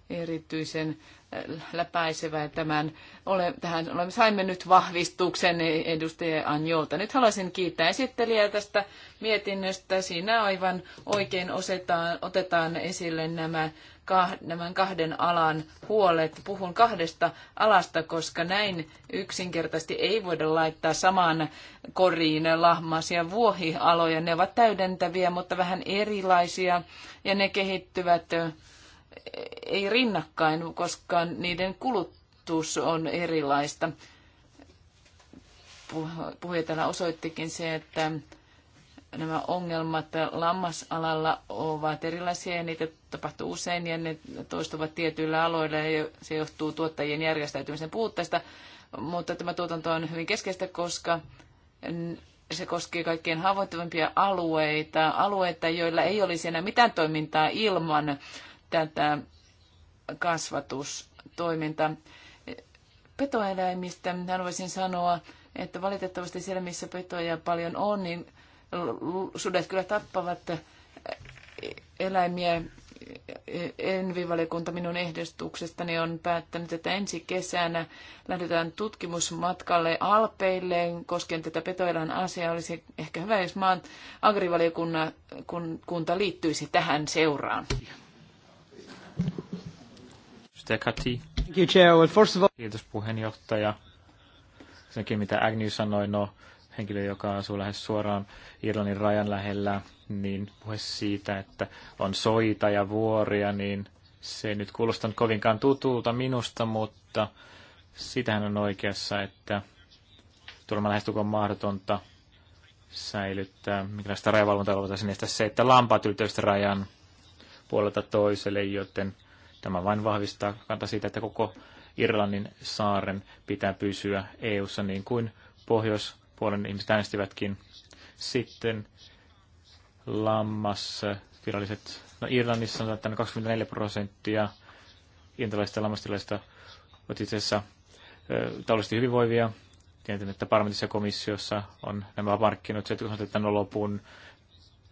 erityisen äh, läpäisevää tämän. Ole, tähän olemme, saimme nyt vahvistuksen edustaja Anjolta. Nyt haluaisin kiittää esittelijää tästä mietinnöstä. Siinä aivan oikein osetaan, otetaan esille nämä nämä kahden alan huolet. Puhun kahdesta alasta, koska näin yksinkertaisesti ei voida laittaa samaan koriin lahmas- vuohialoja. Ne ovat täydentäviä, mutta vähän erilaisia ja ne kehittyvät ei rinnakkain, koska niiden kulutus on erilaista. Puhuja täällä osoittikin se, että nämä ongelmat lammasalalla ovat erilaisia ja niitä tapahtuu usein ja ne toistuvat tietyillä aloilla ja se johtuu tuottajien järjestäytymisen puutteesta. Mutta tämä tuotanto on hyvin keskeistä, koska se koskee kaikkein haavoittuvimpia alueita, alueita, joilla ei olisi enää mitään toimintaa ilman tätä kasvatustoimintaa. Petoeläimistä haluaisin sanoa, että valitettavasti siellä, missä petoja paljon on, niin sudet kyllä tappavat eläimiä. Envivaliokunta minun ehdostuksestani on päättänyt, että ensi kesänä lähdetään tutkimusmatkalle Alpeille koskien tätä petoeläin asiaa. Olisi ehkä hyvä, jos maan agrivaliokunta liittyisi tähän seuraan. Edustaja Kati. Kiitos puheenjohtaja. Senkin mitä Agnew sanoi, no henkilö, joka asuu lähes suoraan Irlannin rajan lähellä, niin puhe siitä, että on soita ja vuoria, niin se ei nyt kuulosta kovinkaan tutulta minusta, mutta sitähän on oikeassa, että turma lähestulkoon mahdotonta säilyttää, minkälaista rajavalvontaa voitaisiin estää se, että lampaat ylittävät rajan puolelta toiselle, joten tämä vain vahvistaa kanta siitä, että koko Irlannin saaren pitää pysyä EU-ssa niin kuin pohjoispuolen ihmiset äänestivätkin. Sitten lammas viralliset, no Irlannissa on 24 prosenttia intalaisista lammastilaisista ovat itse asiassa taloudellisesti hyvinvoivia. Tiedän, että parlamentissa ja komissiossa on nämä markkinoit, se, että kun sanotaan, että nolopun lopun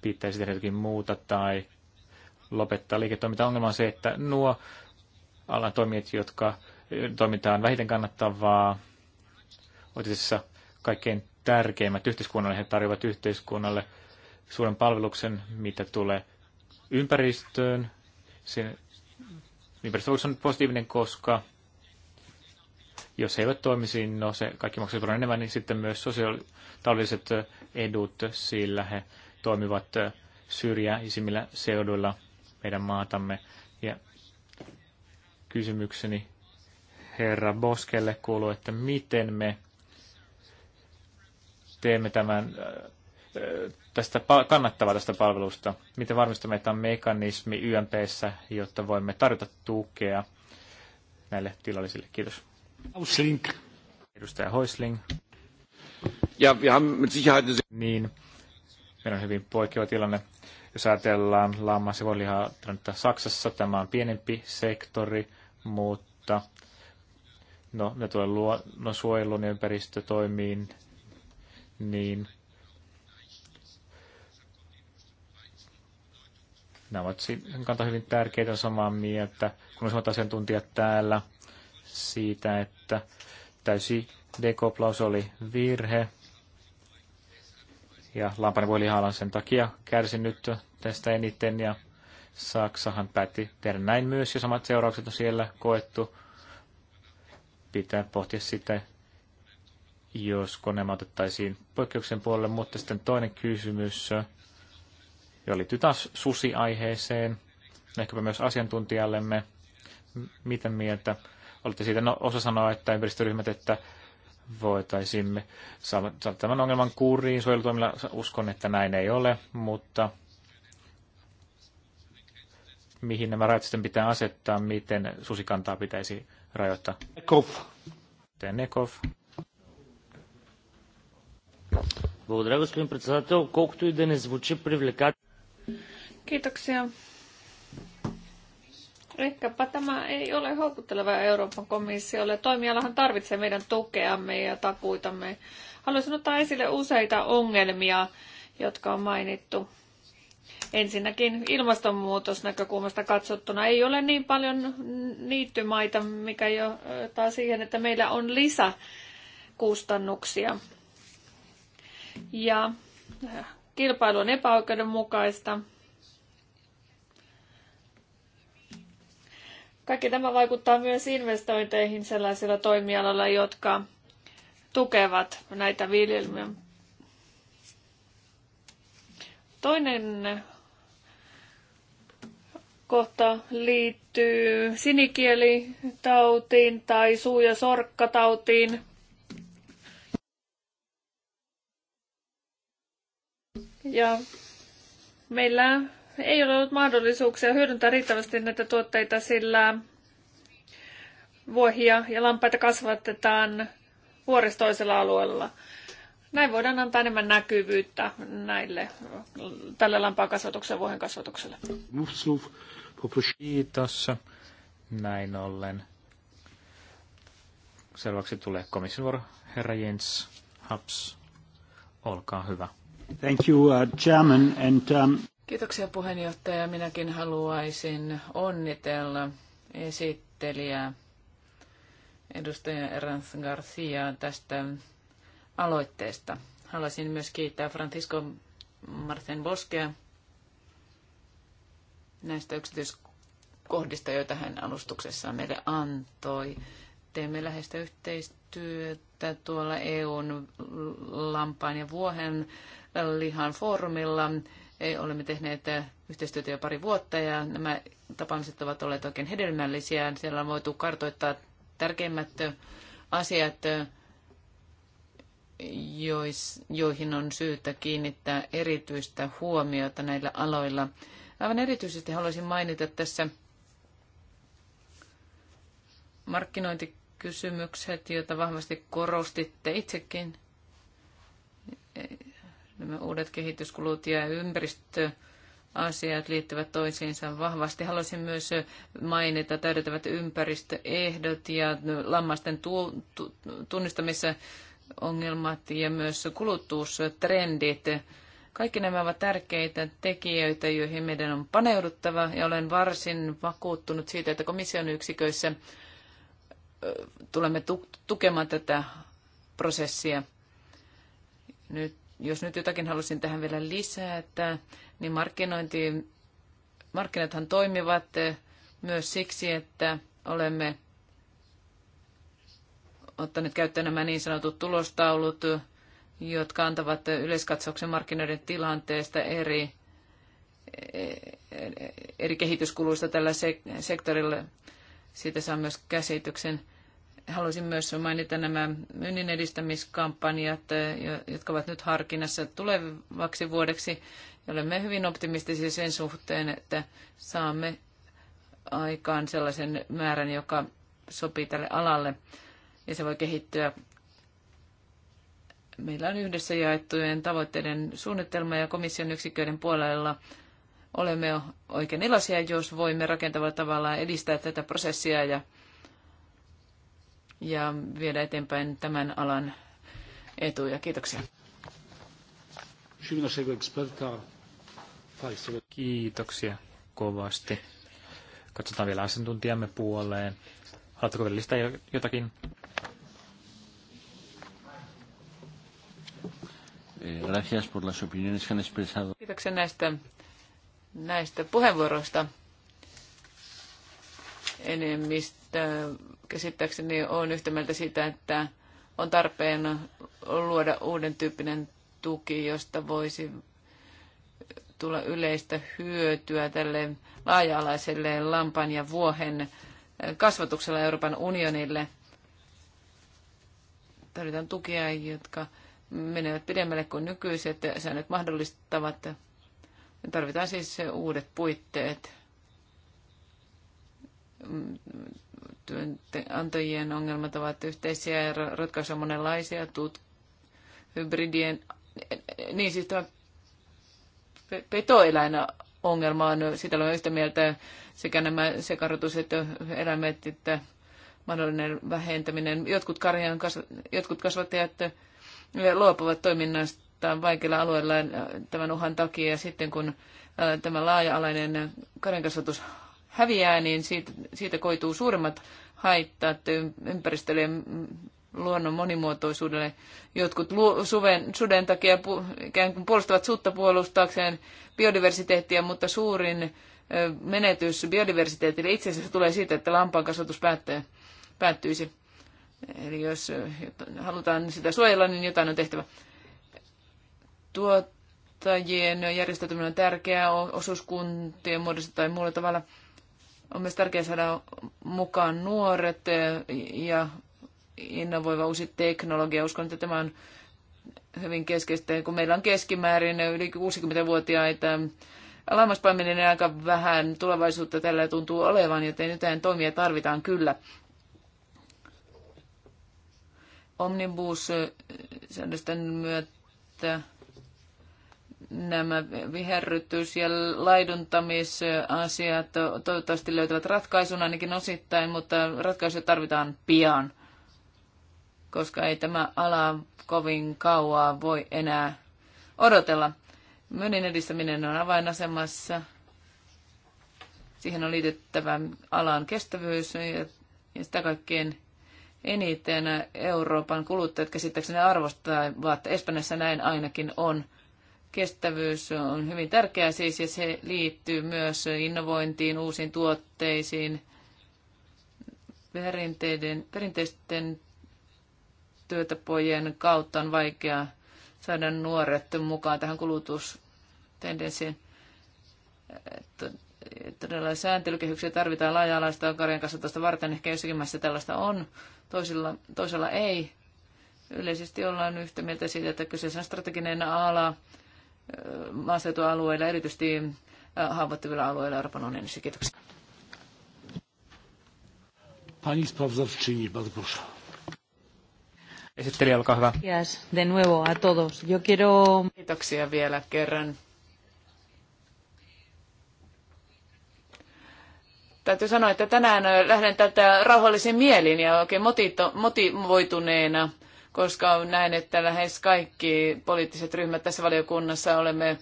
pitäisi tehdä jotakin muuta tai lopettaa liiketoiminta. Ongelma on se, että nuo alan toimijat, jotka toimitaan vähiten kannattavaa, ovat itse kaikkein tärkeimmät yhteiskunnalle. He tarjoavat yhteiskunnalle suuren palveluksen, mitä tulee ympäristöön. Sen ympäristö on positiivinen, koska jos he eivät toimisi, no se kaikki maksaa paljon enemmän, niin sitten myös sosiaalitaloudelliset edut, sillä he toimivat syrjäisimmillä seuduilla – meidän maatamme. Ja kysymykseni herra Boskelle kuuluu, että miten me teemme tämän äh, äh, tästä kannattavaa tästä palvelusta? Miten varmistamme, että on mekanismi YMPssä, jotta voimme tarjota tukea näille tilallisille? Kiitos. Hoisling. Edustaja Hoisling. Ja, ja, haben mit Sicherheit... Niin, meillä on hyvin poikkeava tilanne. Jos ajatellaan lammas- ja että Saksassa, tämä on pienempi sektori, mutta no, ne tulee luonnonsuojelun niin ja ympäristötoimiin, niin nämä ovat kanta hyvin tärkeitä samaa mieltä, kun on asiantuntijat täällä siitä, että täysi dekoplaus oli virhe, ja lampainen lihalla sen takia kärsinyt tästä eniten ja Saksahan päätti tehdä näin myös ja samat seuraukset on siellä koettu. Pitää pohtia sitä, jos nämä otettaisiin poikkeuksen puolelle, mutta sitten toinen kysymys, joka liittyy taas susiaiheeseen, ehkäpä myös asiantuntijallemme, miten mieltä olette siitä, no osa sanoa, että ympäristöryhmät, että voitaisimme saada tämän ongelman kuriin suojelutoimilla. Uskon, että näin ei ole, mutta mihin nämä rajat sitten pitää asettaa, miten susikantaa pitäisi rajoittaa? Nekov. Nekov. Kiitoksia, Ehkäpä tämä ei ole houkutteleva Euroopan komissiolle. Toimialahan tarvitsee meidän tukeamme ja takuitamme. Haluaisin ottaa esille useita ongelmia, jotka on mainittu. Ensinnäkin näkökulmasta katsottuna ei ole niin paljon niittymaita, mikä johtaa siihen, että meillä on lisäkustannuksia. Ja äh, kilpailu on epäoikeudenmukaista Kaikki tämä vaikuttaa myös investointeihin sellaisilla toimialoilla, jotka tukevat näitä viljelmiä. Toinen kohta liittyy sinikielitautiin tai suu- ja sorkkatautiin. Ja meillä ei ole ollut mahdollisuuksia hyödyntää riittävästi näitä tuotteita, sillä vuohia ja lampaita kasvatetaan vuoristoisella alueella. Näin voidaan antaa enemmän näkyvyyttä näille, tälle kasvatukselle ja vuohen kasvatukselle. Kiitos. Näin ollen. Selväksi tulee komission vuoro. Herra Jens Haps, olkaa hyvä. Thank you, uh, Chairman, and, um... Kiitoksia puheenjohtaja. Minäkin haluaisin onnitella esittelijää edustaja Erans Garcia tästä aloitteesta. Haluaisin myös kiittää Francisco Marten Boskea näistä yksityiskohdista, joita hän alustuksessaan meille antoi. Teemme läheistä yhteistyötä tuolla EUn lampaan ja vuohen lihan foorumilla Olemme tehneet äh, yhteistyötä jo pari vuotta ja nämä tapaamiset ovat olleet oikein hedelmällisiä. Siellä on voitu kartoittaa tärkeimmät äh, asiat, äh, joihin on syytä kiinnittää erityistä huomiota näillä aloilla. Aivan erityisesti haluaisin mainita tässä markkinointikysymykset, joita vahvasti korostitte itsekin. Nämä uudet kehityskulut ja ympäristö asiat liittyvät toisiinsa vahvasti. Haluaisin myös mainita täydentävät ympäristöehdot ja lammasten tu- tu- tunnistamissa ongelmat ja myös kulutustrendit. Kaikki nämä ovat tärkeitä tekijöitä, joihin meidän on paneuduttava ja olen varsin vakuuttunut siitä, että komission yksiköissä tulemme tukemaan tätä prosessia. Nyt jos nyt jotakin halusin tähän vielä lisätä, niin markkinointi, markkinathan toimivat eh, myös siksi, että olemme ottaneet käyttöön nämä niin sanotut tulostaulut, jotka antavat yleiskatsauksen markkinoiden tilanteesta eri, eh, eri kehityskuluista tällä sektorilla. Siitä saa myös käsityksen Haluaisin myös mainita nämä myynnin edistämiskampanjat, eh, jotka ovat nyt harkinnassa tulevaksi vuodeksi. Olemme hyvin optimistisia sen suhteen, että saamme aikaan sellaisen määrän, joka sopii tälle alalle ja se voi kehittyä. Meillä on yhdessä jaettujen tavoitteiden suunnitelma ja komission yksiköiden puolella olemme oikein iloisia, jos voimme rakentavalla tavalla edistää tätä prosessia ja ja viedä eteenpäin tämän alan etuja. Kiitoksia. Kiitoksia kovasti. Katsotaan vielä asiantuntijamme puoleen. Haluatteko vielä listaa jotakin? Eh, por las opiniones que han expresado. Kiitoksia näistä, näistä puheenvuoroista enemmistö käsittääkseni on yhtä mieltä siitä, että on tarpeen luoda uuden tyyppinen tuki, josta voisi tulla yleistä hyötyä tälle laaja-alaiselle lampan ja vuohen kasvatuksella Euroopan unionille. Tarvitaan tukia, jotka menevät pidemmälle kuin nykyiset säännöt mahdollistavat. Tarvitaan siis uudet puitteet työnantajien ongelmat ovat yhteisiä ja ratkaisuja monenlaisia, tut, hybridien, niin siis tämä petoeläin ongelma on, sitä olen yhtä mieltä, sekä nämä sekarotuset eläimet että mahdollinen vähentäminen. Jotkut, karjan jotkut kasvattajat luopuvat toiminnastaan vaikeilla alueilla tämän uhan takia ja sitten kun tämä laaja-alainen karjankasvatus häviää, niin siitä, siitä koituu suuremmat haittaa ympäristölle ja luonnon monimuotoisuudelle. Jotkut lu- suven, suden takia pu- ikään kuin puolustavat suutta puolustaakseen biodiversiteettiä, mutta suurin menetys biodiversiteetille itse asiassa tulee siitä, että lampaan kasvatus päättyy, päättyisi. Eli jos halutaan sitä suojella, niin jotain on tehtävä. Tuottajien järjestäytyminen on tärkeää, osuuskuntien muodossa tai muulla tavalla – on myös tärkeää saada mukaan nuoret ja innovoiva uusi teknologia. Uskon, että tämä on hyvin keskeistä, kun meillä on keskimäärin yli 60-vuotiaita on aika vähän tulevaisuutta tällä tuntuu olevan, joten jotain toimia tarvitaan kyllä. Omnibus-säännösten myötä nämä viherrytys- ja laiduntamisasiat toivottavasti löytävät ratkaisun ainakin osittain, mutta ratkaisuja tarvitaan pian, koska ei tämä ala kovin kauaa voi enää odotella. Myönnin edistäminen on avainasemassa. Siihen on liitettävä alan kestävyys ja, ja sitä kaikkien eniten Euroopan kuluttajat käsittääkseni arvostavat. Espanjassa näin ainakin on Kestävyys on hyvin tärkeää siis ja se liittyy myös innovointiin, uusiin tuotteisiin, perinteiden, perinteisten työtapojen kautta on vaikea saada nuoret mukaan tähän kulutustendenssiin. Todella sääntelykehyksiä tarvitaan laaja-alaista karjan kasvatusta varten. Ehkä jossakin maissa tällaista on, toisilla, toisella ei. Yleisesti ollaan yhtä mieltä siitä, että kyseessä on strateginen ala, maaseutualueilla, erityisesti äh, haavoittuvilla alueilla Euroopan unionissa. Kiitoksia. Pani sprawozdawczyni, bardzo Esittelijä, olkaa hyvä. Yes, de nuevo a todos. Yo quiero... Kiitoksia vielä kerran. Täytyy sanoa, että tänään lähden tältä rauhallisin mielin ja oikein motivoituneena koska näen, että lähes kaikki poliittiset ryhmät tässä valiokunnassa olemme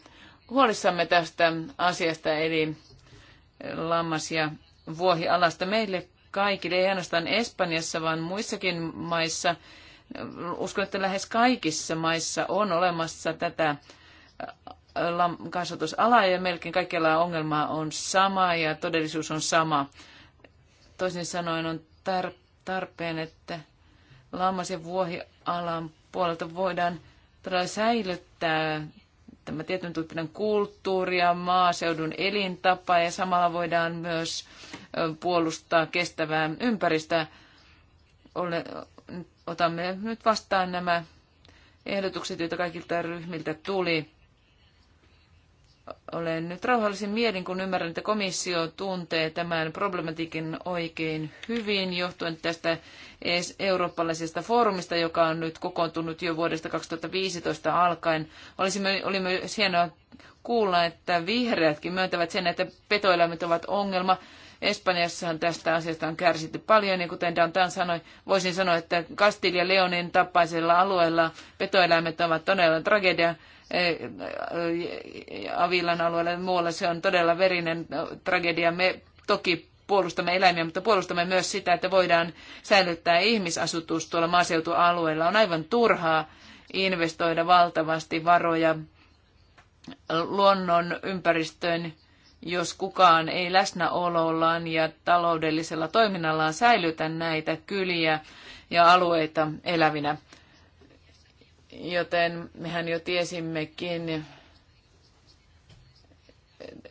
huolissamme tästä asiasta, eli lammas- ja vuohialasta meille kaikille, ei ainoastaan Espanjassa, vaan muissakin maissa. Uskon, että lähes kaikissa maissa on olemassa tätä äh, kasvatusalaa ja melkein kaikilla ongelma on sama ja todellisuus on sama. Toisin sanoen on tarpeen, että lammas- ja vuohiala alan puolelta voidaan todella säilyttää tämä tietyn tyyppinen kulttuuri ja maaseudun elintapa ja samalla voidaan myös puolustaa kestävää ympäristöä. Otamme nyt vastaan nämä ehdotukset, joita kaikilta ryhmiltä tuli olen nyt rauhallisin mielin, kun ymmärrän, että komissio tuntee tämän problematiikin oikein hyvin johtuen tästä eurooppalaisesta foorumista, joka on nyt kokoontunut jo vuodesta 2015 alkaen. Olisimme, oli myös hienoa kuulla, että vihreätkin myöntävät sen, että petoeläimet ovat ongelma. Espanjassahan tästä asiasta on kärsitty paljon, ja kuten Dantan sanoi, voisin sanoa, että Kastilja Leonin tapaisella alueella petoeläimet ovat todella tragedia Avilan alueelle ja muualle. Se on todella verinen tragedia. Me toki puolustamme eläimiä, mutta puolustamme myös sitä, että voidaan säilyttää ihmisasutus tuolla maaseutualueella. On aivan turhaa investoida valtavasti varoja luonnon ympäristöön, jos kukaan ei läsnäolollaan ja taloudellisella toiminnallaan säilytä näitä kyliä ja alueita elävinä. Joten mehän jo tiesimmekin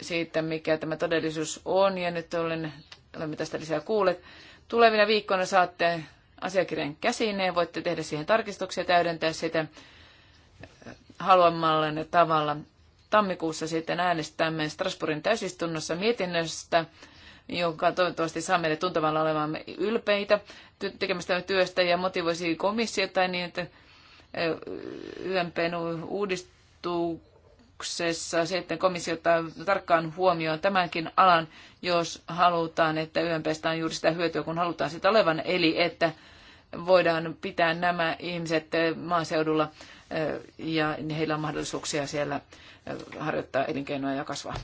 siitä, mikä tämä todellisuus on, ja nyt olen, olemme tästä lisää kuulleet. Tulevina viikkoina saatte asiakirjan käsineen, voitte tehdä siihen tarkistuksia ja täydentää sitä haluamallanne tavalla. Tammikuussa sitten äänestämme Strasbourgin täysistunnossa mietinnöstä, jonka toivottavasti saa meille tuntavalla olevamme ylpeitä tekemästä työstä ja motivoisi komissiota niin, että YMPn uudistuksessa se, että komissio ottaa tarkkaan huomioon tämänkin alan, jos halutaan, että YMPstä on juuri sitä hyötyä, kun halutaan sitä olevan, eli että voidaan pitää nämä ihmiset maaseudulla ja heillä on mahdollisuuksia siellä harjoittaa elinkeinoa ja kasvaa.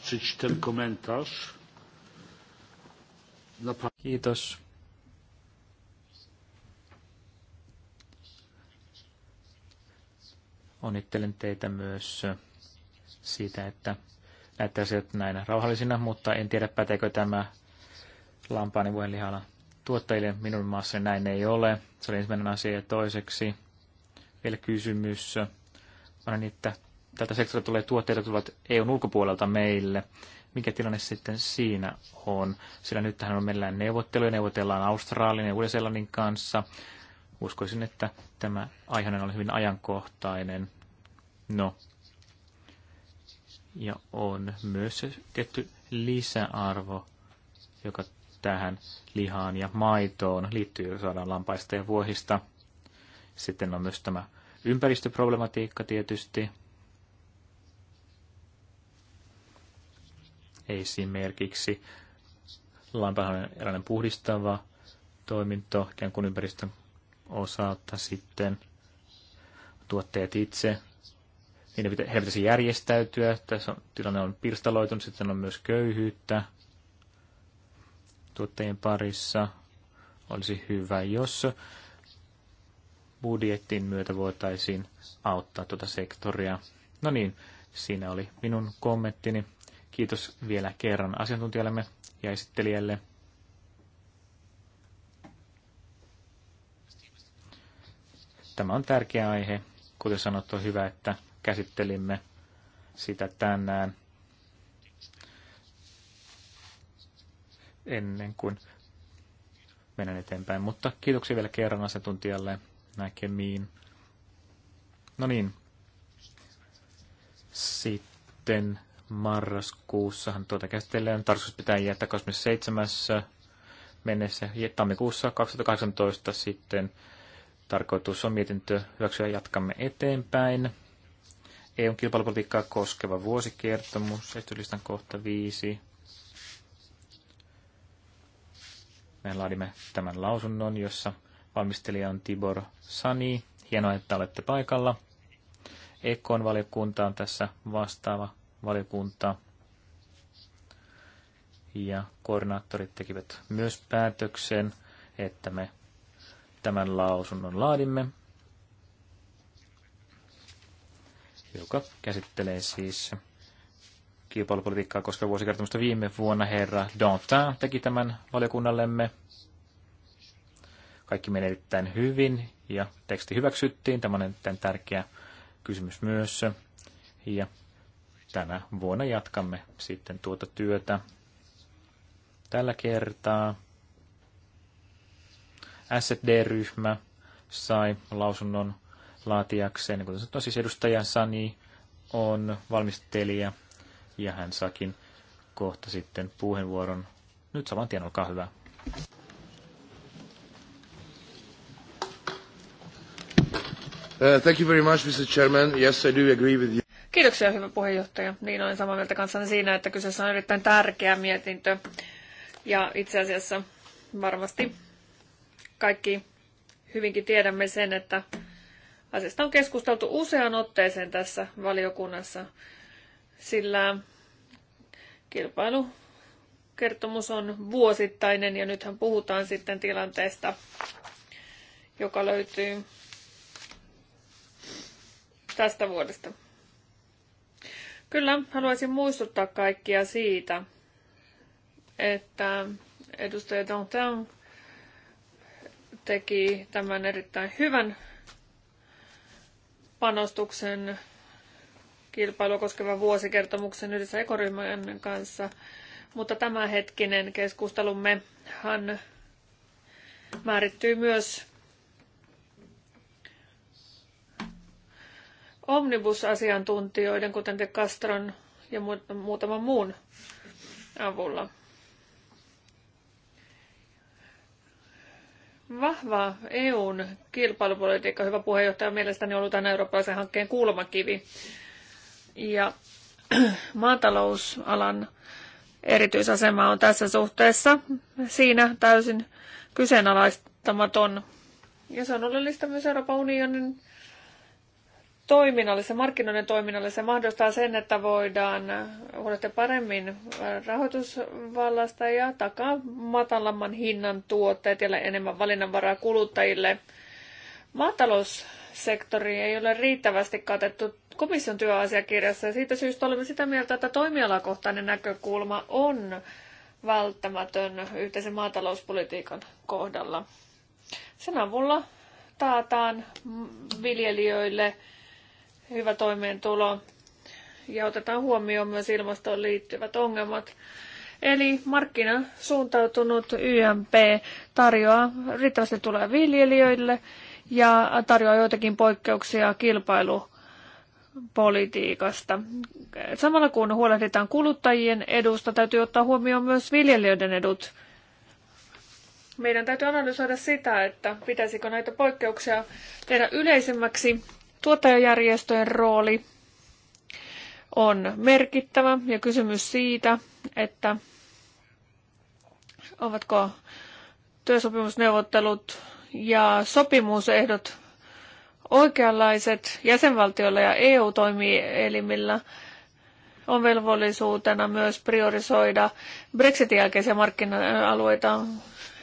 Kiitos. Onnittelen teitä myös siitä, että näitä asiat näin rauhallisina, mutta en tiedä päteekö tämä lampaani voin lihalla tuottajille minun maassa näin ei ole. Se oli ensimmäinen asia. Ja toiseksi vielä kysymys. On että tältä sektorilta tulee tuotteita, jotka tulevat EUn ulkopuolelta meille. Mikä tilanne sitten siinä on? Sillä nyt tähän on meillä neuvotteluja, neuvotellaan Australian ja Uuden-Seelannin kanssa. Uskoisin, että tämä aihe on hyvin ajankohtainen. No. Ja on myös se tietty lisäarvo, joka tähän lihaan ja maitoon liittyy, saadaan lampaista ja vuohista. Sitten on myös tämä ympäristöproblematiikka tietysti. Esimerkiksi on eräinen puhdistava toiminto ikään kuin ympäristön osalta sitten tuotteet itse, niiden pitä, heidän pitäisi järjestäytyä. Tässä on, tilanne on pirstaloitunut, sitten on myös köyhyyttä tuottajien parissa. Olisi hyvä, jos budjetin myötä voitaisiin auttaa tuota sektoria. No niin, siinä oli minun kommenttini. Kiitos vielä kerran asiantuntijallemme ja esittelijälle. Tämä on tärkeä aihe. Kuten sanottu, on hyvä, että käsittelimme sitä tänään ennen kuin menen eteenpäin. Mutta kiitoksia vielä kerran asiantuntijalle näkemiin. No niin. Sitten marraskuussahan tuota käsitellään. Tarkoitus pitää jättää 27. mennessä tammikuussa 2018 sitten tarkoitus on mietintö hyväksyä jatkamme eteenpäin. EUn kilpailupolitiikkaa koskeva vuosikertomus, ehdotuslistan kohta 5. Me laadimme tämän lausunnon, jossa valmistelija on Tibor Sani. Hienoa, että olette paikalla. Ekon valiokunta on tässä vastaava valiokunta. Ja koordinaattorit tekivät myös päätöksen, että me tämän lausunnon laadimme. joka käsittelee siis kilpailupolitiikkaa koska vuosikertomusta viime vuonna herra Dantin teki tämän valiokunnallemme. Kaikki meni erittäin hyvin ja teksti hyväksyttiin. Tämä on erittäin tärkeä kysymys myös. Ja tänä vuonna jatkamme sitten tuota työtä. Tällä kertaa SD-ryhmä sai lausunnon laatiakseen. Niin kuten sanottu, siis edustaja Sani on valmistelija ja hän saakin kohta sitten puheenvuoron. Nyt saman tien, olkaa hyvä. Uh, thank you very much, Mr. Chairman. Yes, I do agree with you. Kiitoksia, hyvä puheenjohtaja. Niin olen samaa mieltä kanssanne siinä, että kyseessä on erittäin tärkeä mietintö. Ja itse asiassa varmasti kaikki hyvinkin tiedämme sen, että Asiasta on keskusteltu useaan otteeseen tässä valiokunnassa, sillä kilpailukertomus on vuosittainen ja nythän puhutaan sitten tilanteesta, joka löytyy tästä vuodesta. Kyllä, haluaisin muistuttaa kaikkia siitä, että edustaja Dantin teki tämän erittäin hyvän panostuksen kilpailua koskevan vuosikertomuksen yhdessä ekoryhmän kanssa, mutta tämänhetkinen hän määrittyy myös omnibusasiantuntijoiden, kuten De Castron ja muutaman muun avulla. vahva EUn kilpailupolitiikka, hyvä puheenjohtaja, on mielestäni ollut tämän eurooppalaisen hankkeen kulmakivi. Ja maatalousalan erityisasema on tässä suhteessa siinä täysin kyseenalaistamaton. Ja se on oleellista myös Euroopan unionin toiminnalle, se markkinoiden toiminnalle, se mahdollistaa sen, että voidaan huolehtia paremmin rahoitusvallasta ja takaa matalamman hinnan tuotteet ja enemmän valinnanvaraa kuluttajille. Maataloussektori ei ole riittävästi katettu komission työasiakirjassa ja siitä syystä olemme sitä mieltä, että toimialakohtainen näkökulma on välttämätön yhteisen maatalouspolitiikan kohdalla. Sen avulla taataan viljelijöille hyvä toimeentulo ja otetaan huomioon myös ilmastoon liittyvät ongelmat. Eli markkina suuntautunut YMP tarjoaa riittävästi tulee viljelijöille ja tarjoaa joitakin poikkeuksia kilpailupolitiikasta. Samalla kun huolehditaan kuluttajien edusta, täytyy ottaa huomioon myös viljelijöiden edut. Meidän täytyy analysoida sitä, että pitäisikö näitä poikkeuksia tehdä yleisemmäksi Tuottajajärjestöjen rooli on merkittävä ja kysymys siitä, että ovatko työsopimusneuvottelut ja sopimusehdot oikeanlaiset jäsenvaltioilla ja EU-toimielimillä on velvollisuutena myös priorisoida Brexitin jälkeisiä markkina-alueita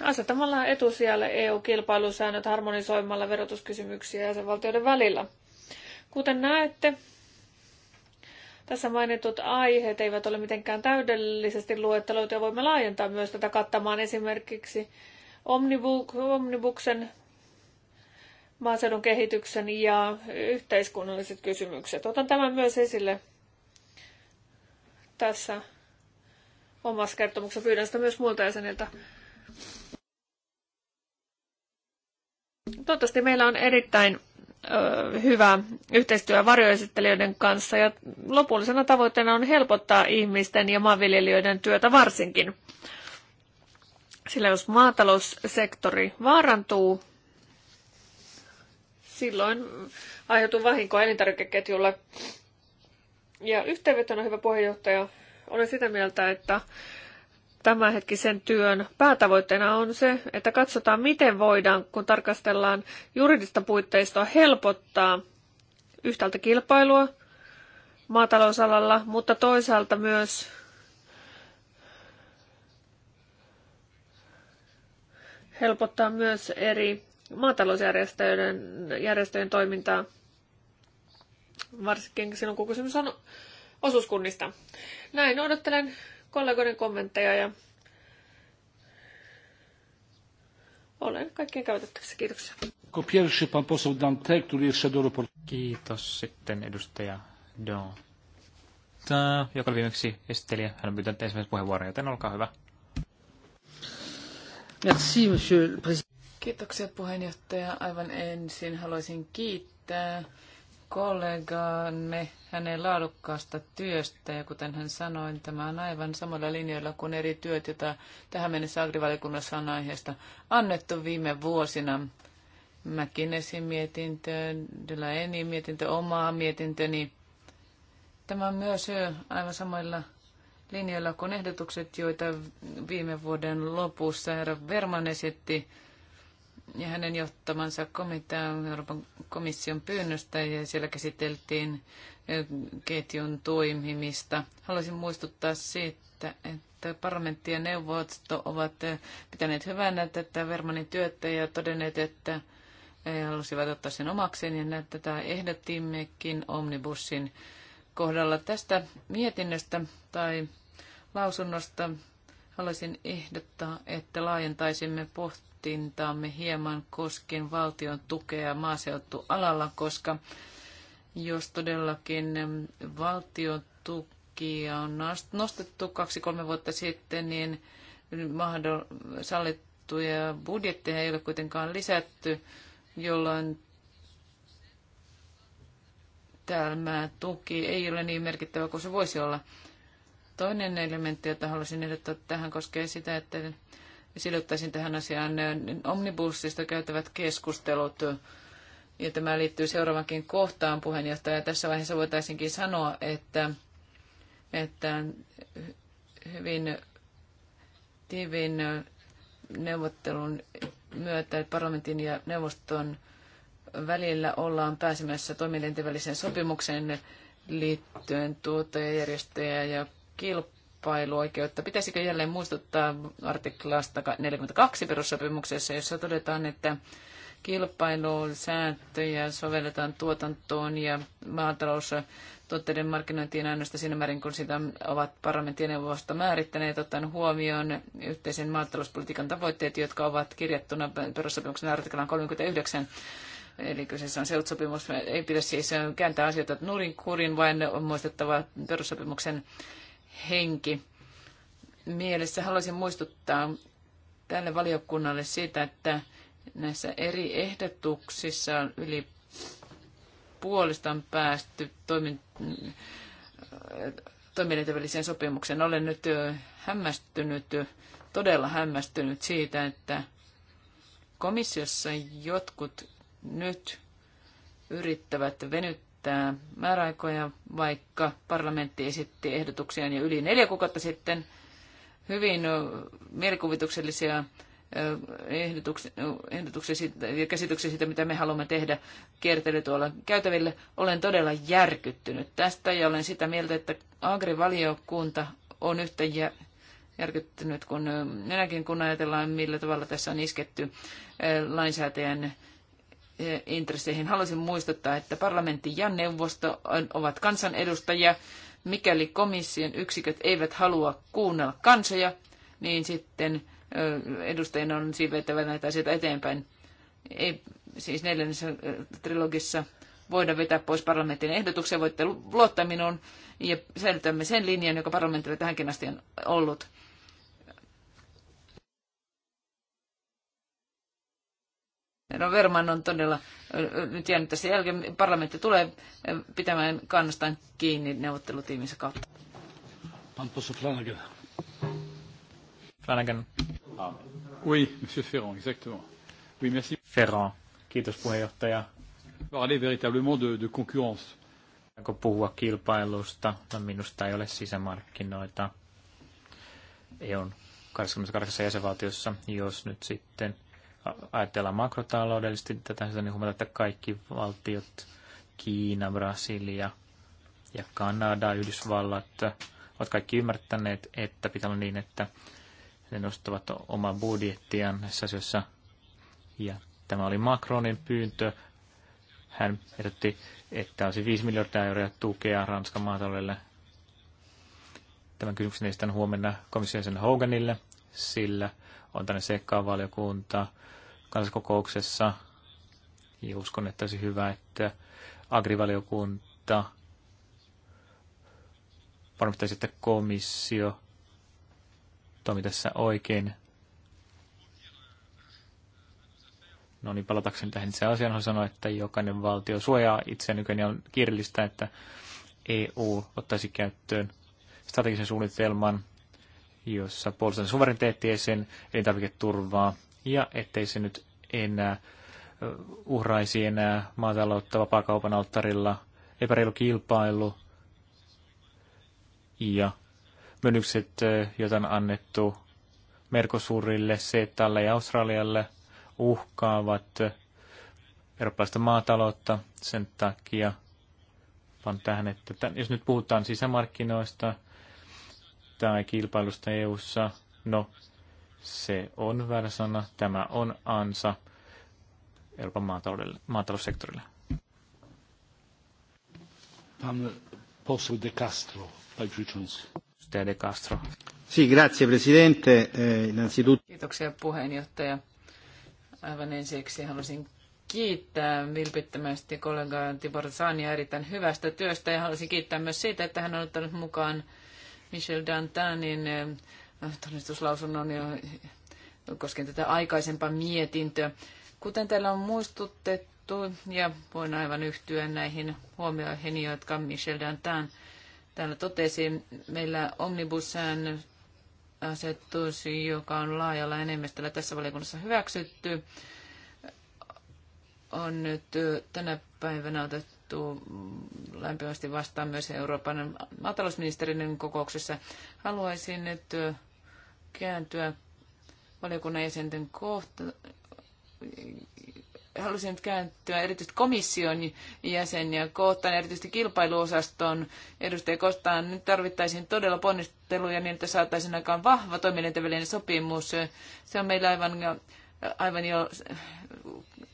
asettamalla etusijalle EU-kilpailusäännöt harmonisoimalla verotuskysymyksiä jäsenvaltioiden välillä. Kuten näette, tässä mainitut aiheet eivät ole mitenkään täydellisesti ja Voimme laajentaa myös tätä kattamaan esimerkiksi Omnibuksen maaseudun kehityksen ja yhteiskunnalliset kysymykset. Otan tämän myös esille tässä omassa kertomuksessa. Pyydän sitä myös muilta jäseniltä. Toivottavasti meillä on erittäin hyvä yhteistyö varjoesittelijöiden kanssa ja lopullisena tavoitteena on helpottaa ihmisten ja maanviljelijöiden työtä varsinkin. Sillä jos maataloussektori vaarantuu, silloin aiheutuu vahinkoa elintarvikeketjulle. Ja yhteenvetona hyvä puheenjohtaja, olen sitä mieltä, että tämänhetkisen työn päätavoitteena on se, että katsotaan, miten voidaan, kun tarkastellaan juridista puitteistoa, helpottaa yhtäältä kilpailua maatalousalalla, mutta toisaalta myös helpottaa myös eri maatalousjärjestöjen järjestöjen toimintaa, varsinkin silloin kun kysymys on osuuskunnista. Näin odottelen kollegoiden kommentteja ja olen kaikkien käytettävissä. Kiitoksia. Pierwszy pan poseł Dante, który jest Kiitos sitten edustaja Don. Tämä, joka oli viimeksi esittelijä, hän on pyytänyt ensimmäisen puheenvuoron, joten olkaa hyvä. Merci, monsieur le président. Kiitoksia puheenjohtaja. Aivan ensin haluaisin kiittää kollegaanne hänen laadukkaasta työstä ja kuten hän sanoi, niin tämä on aivan samalla linjoilla kuin eri työt, joita tähän mennessä agrivalikunnassa on aiheesta annettu viime vuosina. Mäkin esimietintö, eni mietintö, omaa mietintöni. Tämä on myös aivan samoilla linjoilla kuin ehdotukset, joita viime vuoden lopussa herra Verman esitti ja hänen johtamansa komitea Euroopan komission pyynnöstä ja siellä käsiteltiin ketjun toimimista. Haluaisin muistuttaa siitä, että parlamentti ja neuvosto ovat pitäneet hyvänä tätä Vermanin työtä ja todenneet, että halusivat ottaa sen omakseen ja tätä ehdotimmekin Omnibussin kohdalla. Tästä mietinnöstä tai lausunnosta haluaisin ehdottaa, että laajentaisimme pohtia pohdintaamme hieman koskien valtion tukea maaseutualalla, koska jos todellakin valtion tukia on nostettu kaksi-kolme vuotta sitten, niin mahdoll- sallittuja budjetteja ei ole kuitenkaan lisätty, jolloin tämä tuki ei ole niin merkittävä kuin se voisi olla. Toinen elementti, jota haluaisin ehdottaa tähän, koskee sitä, että sidottaisin tähän asiaan omnibussista käytävät keskustelut. Ja tämä liittyy seuraavankin kohtaan puheenjohtaja. Tässä vaiheessa voitaisinkin sanoa, että, että hyvin tiivin neuvottelun myötä parlamentin ja neuvoston välillä ollaan pääsemässä toimielinten väliseen sopimukseen liittyen tuottajajärjestöjä ja kilpailuja kilpailuoikeutta. Pitäisikö jälleen muistuttaa artiklasta 42 perussopimuksessa, jossa todetaan, että kilpailusääntöjä sovelletaan tuotantoon ja maataloustuotteiden markkinointiin ainoastaan siinä määrin, kun sitä ovat parlamentin neuvosta määrittäneet, ottaen huomioon yhteisen maatalouspolitiikan tavoitteet, jotka ovat kirjattuna perussopimuksen artiklaan 39 Eli kyseessä on seutsopimus. Ei pidä siis kääntää asioita nurin kurin, vaan on muistettava perussopimuksen henki mielessä. Haluaisin muistuttaa tälle valiokunnalle siitä, että näissä eri ehdotuksissa on yli puolesta on päästy toimin, sopimukseen. Olen nyt hämmästynyt, todella hämmästynyt siitä, että komissiossa jotkut nyt yrittävät venyttää pidentää määräaikoja, vaikka parlamentti esitti ehdotuksiaan jo yli neljä kuukautta sitten hyvin mielikuvituksellisia ehdotuksia, ehdotuksia siitä, ja käsityksiä siitä, mitä me haluamme tehdä kiertely tuolla käytäville. Olen todella järkyttynyt tästä ja olen sitä mieltä, että agrivaliokunta on yhtä järkyttynyt kuin minäkin, kun ajatellaan, millä tavalla tässä on isketty lainsäätäjän Eh, intresseihin. Haluaisin muistuttaa, että parlamentti ja neuvosto ovat kansanedustajia. Mikäli komission yksiköt eivät halua kuunnella kansoja, niin sitten eh, edustajien on siivettävä näitä asioita eteenpäin. Ei, siis neljännessä eh, trilogissa voida vetää pois parlamentin ehdotuksia. Voitte luottaa minuun ja säilytämme sen linjan, joka parlamentilla tähänkin asti on ollut. No Verman on todella nyt jäänyt tässä jälkeen. Parlamentti tulee pitämään kannastaan kiinni neuvottelutiimissä kautta. Pantossa Flanagan. Flanagan. Ah. Oui, monsieur Ferrand, exactement. Oui, merci. Ferrand. Kiitos puheenjohtaja. Parler véritablement de, de concurrence. Voidaanko puhua kilpailusta? No minusta ei ole sisämarkkinoita. E on 28 jäsenvaltiossa, jos nyt sitten – ajatellaan makrotaloudellisesti tätä, niin huomata, että kaikki valtiot, Kiina, Brasilia ja Kanada, Yhdysvallat, ovat kaikki ymmärtäneet, että pitää olla niin, että ne nostavat omaa budjettiaan näissä asioissa. Ja tämä oli Macronin pyyntö. Hän ehdotti, että olisi 5 miljardia euroa tukea Ranskan maataloudelle. Tämän kysymyksen esitän huomenna komission Hoganille, sillä on tänne sekkaan valiokunta kansakokouksessa. Ja uskon, että olisi hyvä, että agrivaliokunta varmasti että komissio toimi tässä oikein. No niin, palatakseni tähän itse asiaan, on sanoa, että jokainen valtio suojaa itseään nykyään ja on kirjallista, että EU ottaisi käyttöön strategisen suunnitelman jossa puolustan suvereniteetti ja sen elintarviketurvaa, ja ettei se nyt enää uhraisi enää maataloutta vapaakaupan alttarilla, epäreilu kilpailu ja myönnykset joita on annettu merkosuurille Seetalle ja Australialle, uhkaavat eurooppalaista maataloutta sen takia. vaan tähän, että tämän, jos nyt puhutaan sisämarkkinoista, tai kilpailusta EU-ssa? No, se on väärä sana. Tämä on ansa Euroopan maataloussektorille. Pan poseł De Castro, Edustaja De Castro. Si, grazie Presidente. Eh, Kiitoksia puheenjohtaja. Aivan ensiksi haluaisin kiittää vilpittömästi kollega Tibor Zania erittäin hyvästä työstä ja haluaisin kiittää myös siitä, että hän on ottanut mukaan Michel Dantanin eh, todistuslausunnon jo koskien tätä aikaisempaa mietintöä. Kuten täällä on muistutettu, ja voin aivan yhtyä näihin huomioihin, jotka Michel Dantan täällä totesi, meillä Omnibusään asetus, joka on laajalla enemmistöllä tässä valiokunnassa hyväksytty, on nyt tänä päivänä otettu otettu lämpimästi vastaan myös Euroopan maatalousministerin kokouksessa. Haluaisin nyt kääntyä valiokunnan jäsenten kohta. Haluaisin nyt kääntyä erityisesti komission jäseniä kohtaan, erityisesti kilpailuosaston edustaja kohtaan. Nyt tarvittaisiin todella ponnisteluja niin, että saataisiin aikaan vahva toimielintävälinen sopimus. Se on meillä aivan, aivan jo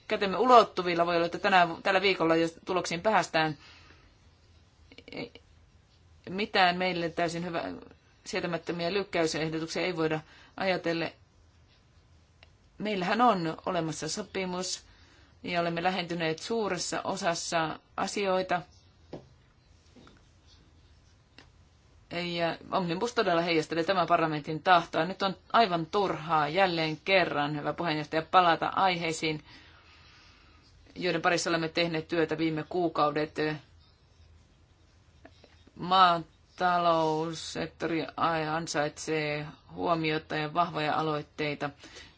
kätemme ulottuvilla. Voi olla, että tänä, tällä viikolla, jos tuloksiin päästään, mitään meille täysin hyvä, sietämättömiä lykkäysehdotuksia ei voida ajatella. Meillähän on olemassa sopimus ja olemme lähentyneet suuressa osassa asioita. Ja Omnibus todella heijastelee tämän parlamentin tahtoa. Nyt on aivan turhaa jälleen kerran, hyvä puheenjohtaja, palata aiheisiin, joiden parissa olemme tehneet työtä viime kuukaudet. Maataloussektori ansaitsee huomiota ja vahvoja aloitteita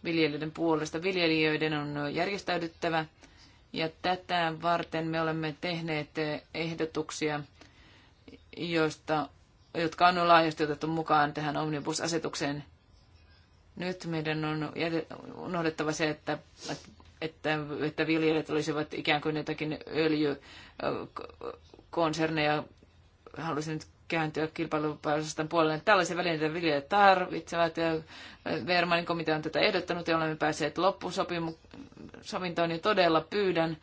viljelijöiden puolesta. Viljelijöiden on järjestäydyttävä ja tätä varten me olemme tehneet ehdotuksia, joista, jotka on laajasti otettu mukaan tähän Omnibus-asetukseen. Nyt meidän on unohdettava se, että että, että viljelijät olisivat ikään kuin jotakin öljykonserneja. Haluaisin nyt kääntyä kilpailupääosaston puolelle. Tällaisia välineitä viljelijät tarvitsevat. Vermanin komitea on tätä ehdottanut ja olemme päässeet loppusovintoon. Ja todella pyydän,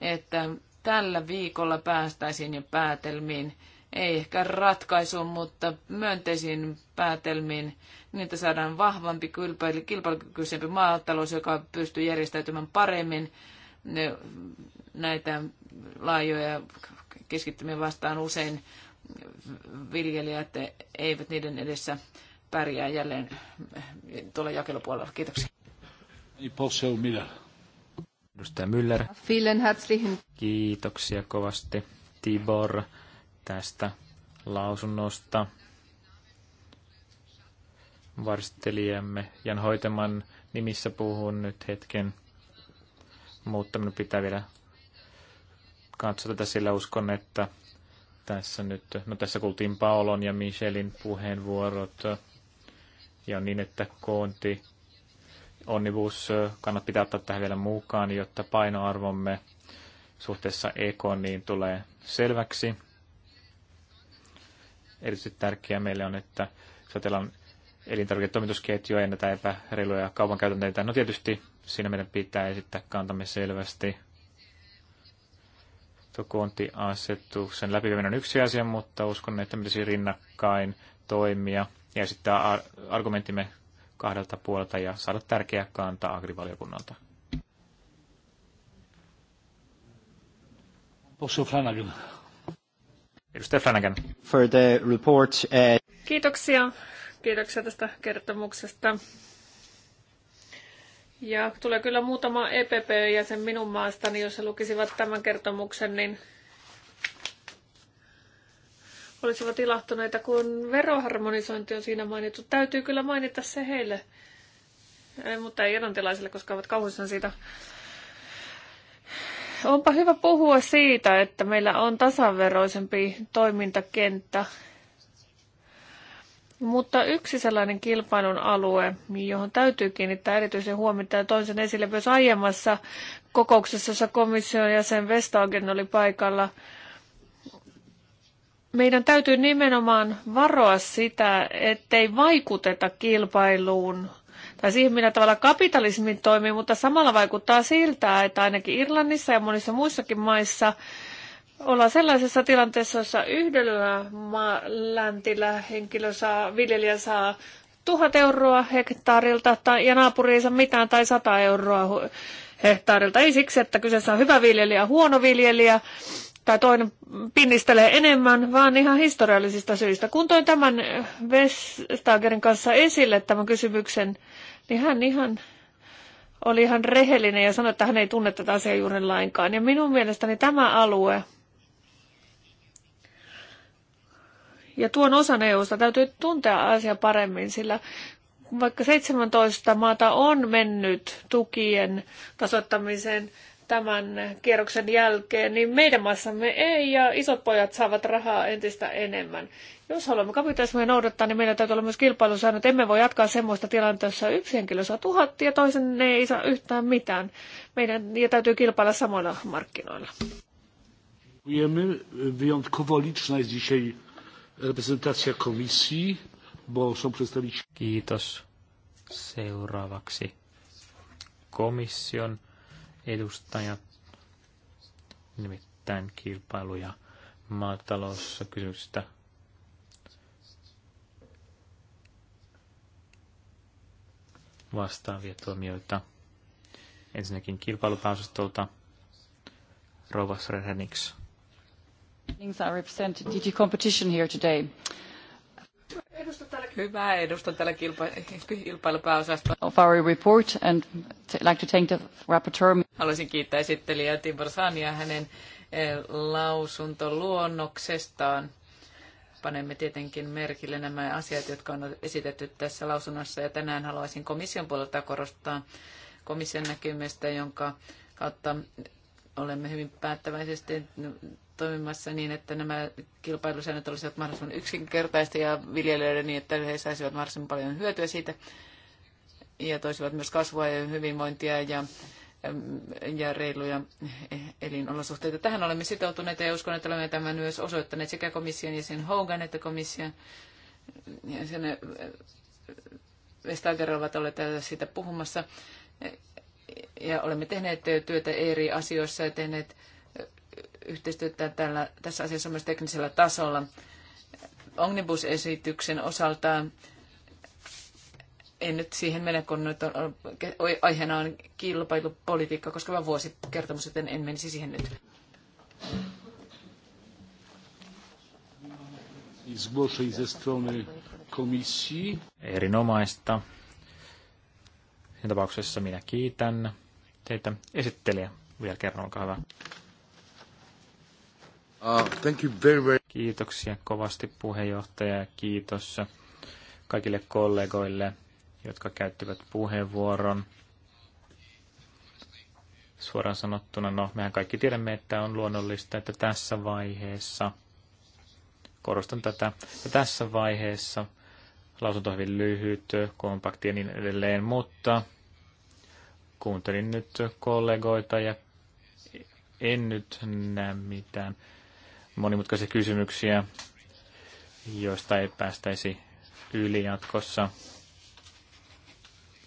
että tällä viikolla päästäisiin jo päätelmiin ei ehkä ratkaisuun, mutta myönteisiin päätelmiin, niin että saadaan vahvampi, kilpailukykyisempi maatalous, joka pystyy järjestäytymään paremmin näitä laajoja keskittymiä vastaan usein viljelijät eivät niiden edessä pärjää jälleen tuolla jakelupuolella. Kiitoksia. Niin, Edustaja Müller. Kiitoksia kovasti. Tibor tästä lausunnosta. Varstelijamme Jan Hoiteman nimissä puhun nyt hetken, mutta minun pitää vielä katsoa tätä, sillä uskon, että tässä nyt, no tässä kuultiin Paolon ja Michelin puheenvuorot, ja niin, että koonti Onnibus kannat pitää ottaa tähän vielä mukaan, jotta painoarvomme suhteessa ekoon niin tulee selväksi erityisesti tärkeää meille on, että ajatellaan elintarviketoimitusketjua ja näitä epäreiluja kaupankäytänteitä. No tietysti siinä meidän pitää esittää kantamme selvästi. Tukoontiasetuksen läpivieminen on yksi asia, mutta uskon, että pitäisi rinnakkain toimia ja esittää argumenttimme kahdelta puolelta ja saada tärkeä kanta agrivaliokunnalta. Posso Flanagan. Edustaja Flanagan. For the report, uh... Kiitoksia. Kiitoksia tästä kertomuksesta. Ja tulee kyllä muutama EPP-jäsen minun maastani, jos he lukisivat tämän kertomuksen, niin olisivat ilahtuneita, kun veroharmonisointi on siinä mainittu. Täytyy kyllä mainita se heille, ei, eh, mutta ei irlantilaisille, koska ovat kauhuissaan siitä. Onpa hyvä puhua siitä, että meillä on tasaveroisempi toimintakenttä. Mutta yksi sellainen kilpailun alue, johon täytyy kiinnittää erityisen huomiota, ja toin sen esille myös aiemmassa kokouksessa, jossa komission jäsen Vestagen oli paikalla, meidän täytyy nimenomaan varoa sitä, ettei vaikuteta kilpailuun tai siihen, millä tavalla kapitalismi toimii, mutta samalla vaikuttaa siltä, että ainakin Irlannissa ja monissa muissakin maissa ollaan sellaisessa tilanteessa, jossa yhdellä läntillä henkilö saa, viljelijä saa tuhat euroa hektaarilta tai, ja naapuri ei saa mitään tai sata euroa hektaarilta. Ei siksi, että kyseessä on hyvä viljelijä, huono viljelijä, tai toinen pinnistelee enemmän, vaan ihan historiallisista syistä. Kun toin tämän Vestagerin kanssa esille tämän kysymyksen, niin hän ihan oli ihan rehellinen ja sanoi, että hän ei tunne tätä asiaa juuri lainkaan. Ja minun mielestäni tämä alue ja tuon osan EUsta täytyy tuntea asia paremmin, sillä vaikka 17 maata on mennyt tukien tasoittamiseen, tämän kierroksen jälkeen, niin meidän maassamme ei ja isot pojat saavat rahaa entistä enemmän. Jos haluamme kapitalismia noudattaa, niin meillä täytyy olla myös kilpailusäännöt. Emme voi jatkaa semmoista tilannetta, jossa yksi henkilö saa tuhat ja toisen ei saa yhtään mitään. Meidän ja täytyy kilpailla samoilla markkinoilla. Dziękujemy. Wyjątkowo liczna jest dzisiaj reprezentacja komisji, bo są przedstawiciele. Kiitos. Seuraavaksi komission Edustajat, nimittäin kilpailu- ja maatalouskysymyksistä. vastaavia tuomioita. Ensinnäkin kilpailupääosastolta Rovas Rehenix. Things are represented DG Competition here today. Hyvää edustan Of our report and like to thank the rapporteur. Haluaisin kiittää esittelijää timor Sania hänen eh, lausuntoluonnoksestaan. Panemme tietenkin merkille nämä asiat, jotka on esitetty tässä lausunnossa. Ja tänään haluaisin komission puolelta korostaa komission näkymästä, jonka kautta olemme hyvin päättäväisesti toimimassa niin, että nämä kilpailusäännöt olisivat mahdollisimman yksinkertaista ja viljelijöiden niin, että he saisivat mahdollisimman paljon hyötyä siitä ja toisivat myös kasvua ja hyvinvointia ja, mm, ja reiluja elinolosuhteita. Tähän olemme sitoutuneet ja uskon, että olemme tämän myös osoittaneet sekä komission sen Hogan että komission sen äh, Vestager ovat olleet siitä puhumassa. Ja olemme tehneet työtä eri asioissa ja tehneet yhteistyötä tällä, tässä asiassa myös teknisellä tasolla. Omnibus-esityksen osalta en nyt siihen mene, kun nyt on, aiheena on kilpailupolitiikka koskeva vuosikertomus, joten en menisi siihen nyt. Erinomaista. Sen tapauksessa minä kiitän teitä esittelijä vielä kerran, olkaa hyvä. Uh, thank you very, very... Kiitoksia kovasti puheenjohtaja ja kiitos kaikille kollegoille, jotka käyttivät puheenvuoron. Suoraan sanottuna, no mehän kaikki tiedämme, että on luonnollista, että tässä vaiheessa, korostan tätä, että tässä vaiheessa lausunto on hyvin lyhyt, kompakti ja niin edelleen, mutta kuuntelin nyt kollegoita ja en nyt näe mitään monimutkaisia kysymyksiä, joista ei päästäisi yli jatkossa,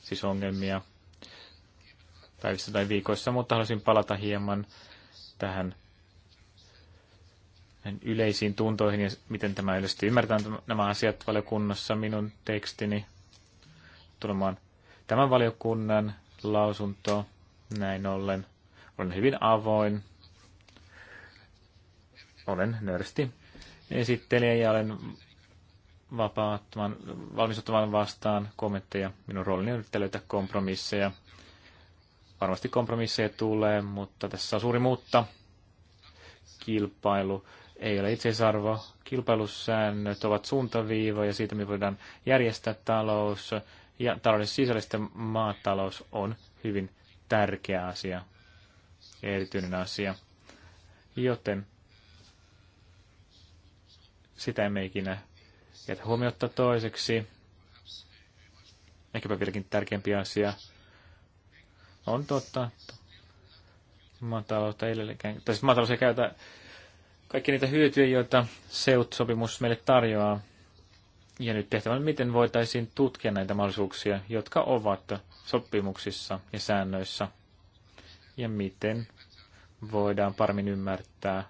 siis ongelmia päivissä tai viikoissa, mutta haluaisin palata hieman tähän yleisiin tuntoihin ja miten tämä yleisesti ymmärtää nämä asiat valiokunnassa minun tekstini tulemaan tämän valiokunnan lausunto näin ollen. Olen hyvin avoin olen nörsti esittelijä ja olen vapauttamaan, valmis ottamaan vastaan kommentteja. Minun roolini on löytää kompromisseja. Varmasti kompromisseja tulee, mutta tässä on suuri muutta. Kilpailu ei ole itseisarvo. Kilpailusäännöt ovat suuntaviivoja siitä, me voidaan järjestää talous. Ja talouden sisällistä maatalous on hyvin tärkeä asia ja erityinen asia. Joten sitä emme ikinä jätä huomiota toiseksi. Ehkäpä vieläkin tärkeämpi asia on totta, että maataloutta ei edelleenkään, tai siis maatalous ei käytä kaikki niitä hyötyjä, joita SEUT-sopimus meille tarjoaa. Ja nyt tehtävän, miten voitaisiin tutkia näitä mahdollisuuksia, jotka ovat sopimuksissa ja säännöissä, ja miten voidaan paremmin ymmärtää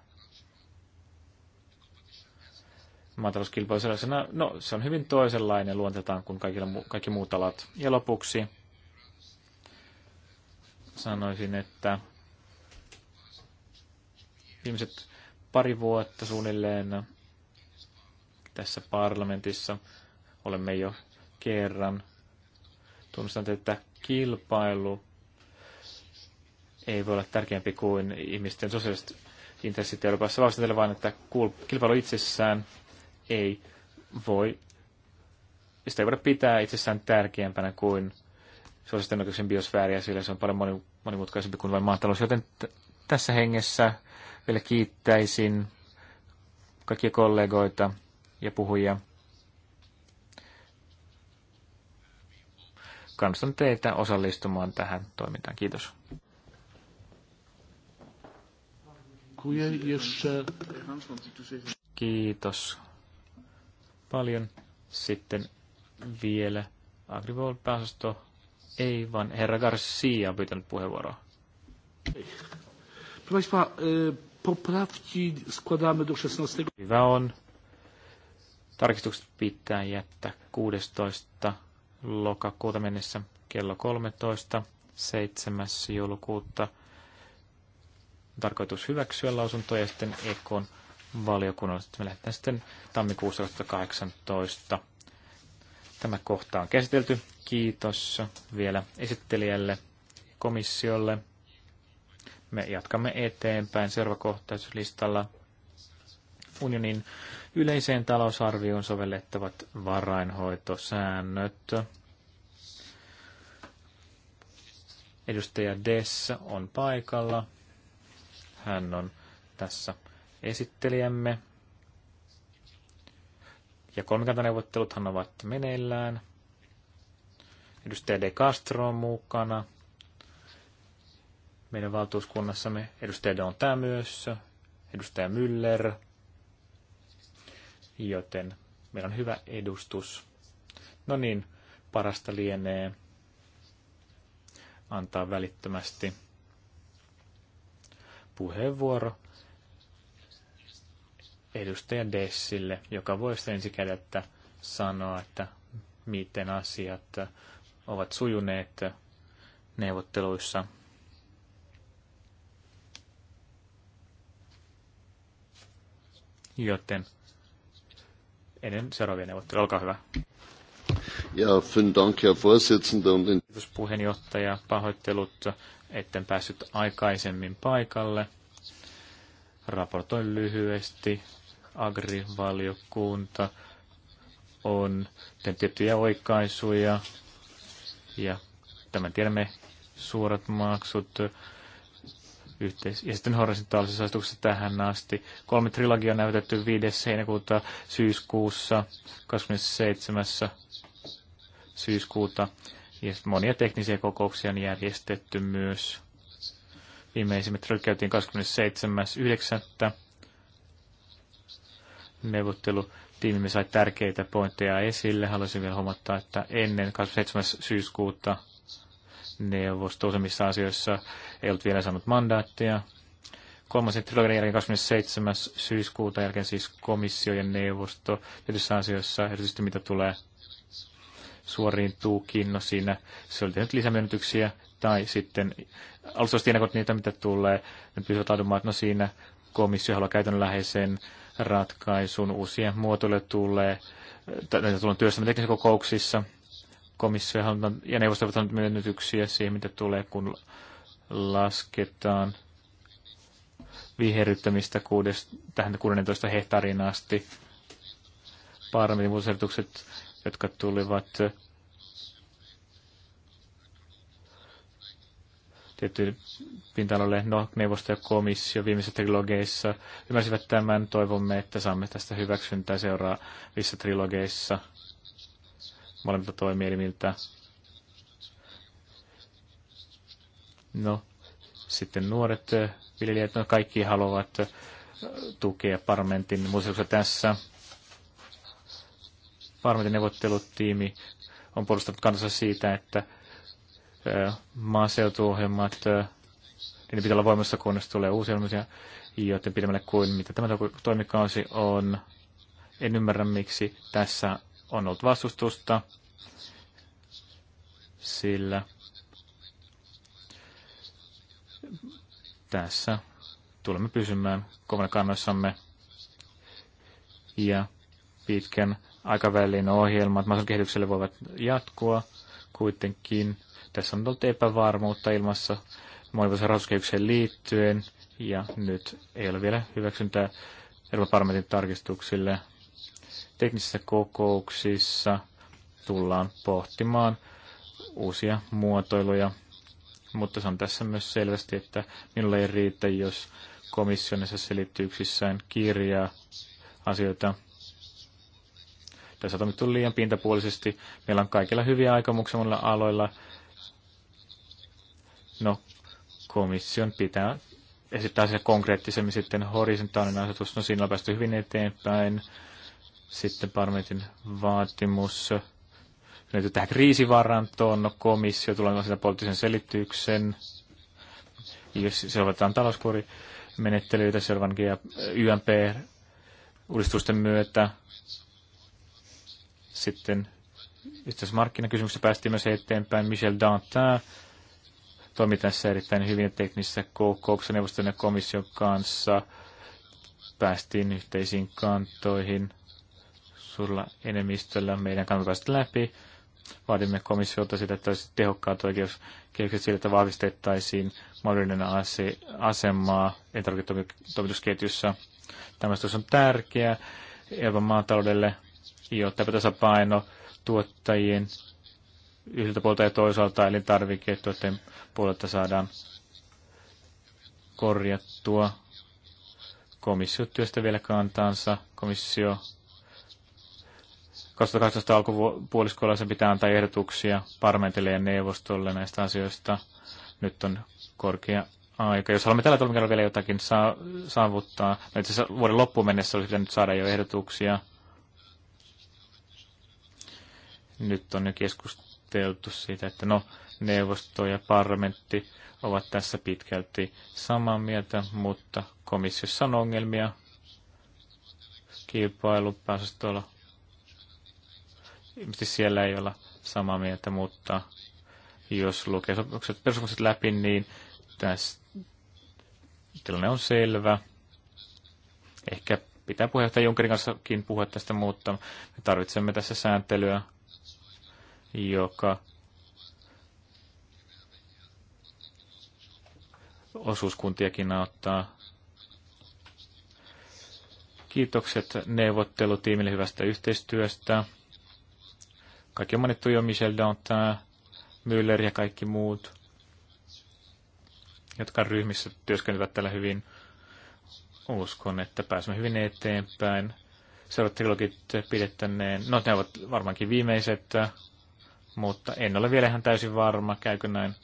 maatalouskilpailu sellaisena, no se on hyvin toisenlainen luonteeltaan kuin kaikilla, kaikki muut alat. Ja lopuksi sanoisin, että viimeiset pari vuotta suunnilleen tässä parlamentissa olemme jo kerran tunnustaneet, että kilpailu ei voi olla tärkeämpi kuin ihmisten sosiaaliset intressit Euroopassa. Vastatelle vain, että kilpailu itsessään ei voi, sitä ei voida pitää itsessään tärkeämpänä kuin suosisten oikeuksien biosfääriä, sillä se on paljon monimutkaisempi kuin vain maatalous. Joten tässä hengessä vielä kiittäisin kaikkia kollegoita ja puhujia. Kannustan teitä osallistumaan tähän toimintaan. Kiitos. Kiitos paljon. Sitten vielä Agrivol-pääosasto. Ei, vaan herra Garcia on pyytänyt puheenvuoroa. Proszę poprawki składamy do 16. Hyvä on. Tarkistukset pitää jättää 16. lokakuuta mennessä kello 13. 7. joulukuuta tarkoitus hyväksyä lausuntoja ja sitten Ekon valiokunnalle. Sitten me lähdetään sitten tammikuussa 2018. Tämä kohta on käsitelty. Kiitos vielä esittelijälle, komissiolle. Me jatkamme eteenpäin seuraavakohtaislistalla unionin yleiseen talousarvioon sovellettavat varainhoitosäännöt. Edustaja Dess on paikalla. Hän on tässä esittelijämme. Ja kolmikantaneuvotteluthan ovat meneillään. Edustaja De Castro on mukana. Meidän valtuuskunnassamme edustaja tämä myös, edustaja Müller. Joten meillä on hyvä edustus. No niin, parasta lienee antaa välittömästi puheenvuoro edustaja Dessille, joka voi kädettä sanoa, että miten asiat ovat sujuneet neuvotteluissa. Joten ennen seuraavia neuvotteluja, olkaa hyvä. Ja, vielen Dank, Herr Vorsitzender. Kiitos puheenjohtaja, pahoittelut, etten päässyt aikaisemmin paikalle. Raportoin lyhyesti agrivaliokunta on tehnyt tiettyjä oikaisuja ja tämän tiedämme suorat maksut yhteis- ja sitten horisontaalisessa asetuksessa tähän asti. Kolme trilogia on näytetty 5. heinäkuuta syyskuussa, 27. syyskuuta ja monia teknisiä kokouksia on järjestetty myös. Viimeisimmät käytiin 27.9 neuvottelutiimimme sai tärkeitä pointteja esille. Haluaisin vielä huomata, että ennen 27. syyskuuta neuvosto useimmissa asioissa ei ollut vielä saanut mandaattia. Kolmasen trilogian jälkeen 27. syyskuuta jälkeen siis komissio ja neuvosto tietyissä asioissa, erityisesti mitä tulee suoriin tuukiin, no siinä se oli tehnyt lisämyönnytyksiä, tai sitten alustavasti ennakot niitä, mitä tulee, ne pysyvät adumaat, no siinä komissio haluaa käytännönläheisen ratkaisun. Uusia muotoille tulee, näitä tullaan työstämään teknisissä kokouksissa. Komissio ja neuvosto ovat myönnytyksiä siihen, mitä tulee, kun lasketaan viherryttämistä tähän 16 hehtaariin asti. Parlamentin muutosehdotukset, jotka tulivat tietyille pinta-aloille. No, neuvosto ja komissio viimeisissä trilogeissa ymmärsivät tämän. Toivomme, että saamme tästä hyväksyntää seuraavissa trilogeissa molemmilta toimielimiltä. No, sitten nuoret viljelijät, no kaikki haluavat tukea parlamentin museossa tässä. Parlamentin neuvottelutiimi on puolustanut kansansa siitä, että maaseutuohjelmat, niin pitää olla voimassa, kunnes tulee uusia ohjelmia, joten pidemmälle kuin mitä tämä toimikausi on. En ymmärrä, miksi tässä on ollut vastustusta, sillä tässä tulemme pysymään kovana kannassamme ja pitkän aikavälin ohjelmat maaseudun kehitykselle voivat jatkua kuitenkin tässä on ollut epävarmuutta ilmassa monivuotisen rahoituskehykseen liittyen, ja nyt ei ole vielä hyväksyntää Euroopan parlamentin tarkistuksille. Teknisissä kokouksissa tullaan pohtimaan uusia muotoiluja, mutta se on tässä myös selvästi, että minulle ei riitä, jos komissionissa selityksissään kirjaa asioita. Tässä on liian pintapuolisesti. Meillä on kaikilla hyviä aikomuksia monilla aloilla, No, komission pitää esittää se konkreettisemmin sitten horisontaalinen asetus. No, siinä on päästy hyvin eteenpäin. Sitten parlamentin vaatimus liittyy tähän kriisivarantoon. No, komissio tulee sitä poliittisen selityksen. Jos se seurataan talouskurimenettelyitä seuraavan YMP-uudistusten myötä, sitten itse asiassa markkinakysymyksessä päästiin myös eteenpäin. Michel Dantin toimi tässä erittäin hyvin teknisessä kokouksessa neuvoston ja komission kanssa. Päästiin yhteisiin kantoihin suurella enemmistöllä meidän kantapäistä läpi. Vaadimme komissiolta sitä, että olisi tehokkaat oikeuskehykset sillä, että vahvistettaisiin mahdollinen ase- asemaa elintarviketoimitusketjussa. Tämä on tärkeä Euroopan maataloudelle, jotta tasapaino tuottajien yhdeltä puolta ja toisaalta elintarvikkeiden puolelta saadaan korjattua. Komissio työstä vielä kantaansa. Komissio 2018 alkupuoliskolla se pitää antaa ehdotuksia parlamentille ja neuvostolle näistä asioista. Nyt on korkea aika. Jos haluamme tällä tulmikalla vielä jotakin saa, saavuttaa, no itse asiassa vuoden loppuun mennessä olisi pitänyt saada jo ehdotuksia. Nyt on jo keskusteltu ajateltu siitä, että no, neuvosto ja parlamentti ovat tässä pitkälti samaa mieltä, mutta komissiossa on ongelmia kilpailupäästöllä. Ilmeisesti siellä ei olla samaa mieltä, mutta jos lukee sopimukset, perusopimukset läpi, niin tässä tilanne on selvä. Ehkä pitää puheenjohtaja Junckerin kanssakin puhua tästä, mutta me tarvitsemme tässä sääntelyä joka osuuskuntiakin auttaa. Kiitokset neuvottelutiimille hyvästä yhteistyöstä. Kaikki on mainittu jo Michel Dantin, Müller ja kaikki muut, jotka ryhmissä työskentelevät tällä hyvin. Uskon, että pääsemme hyvin eteenpäin. Seuraavat trilogit pidettäneen, no ne ovat varmaankin viimeiset, mutta en ole vielä ihan täysin varma, käykö näin,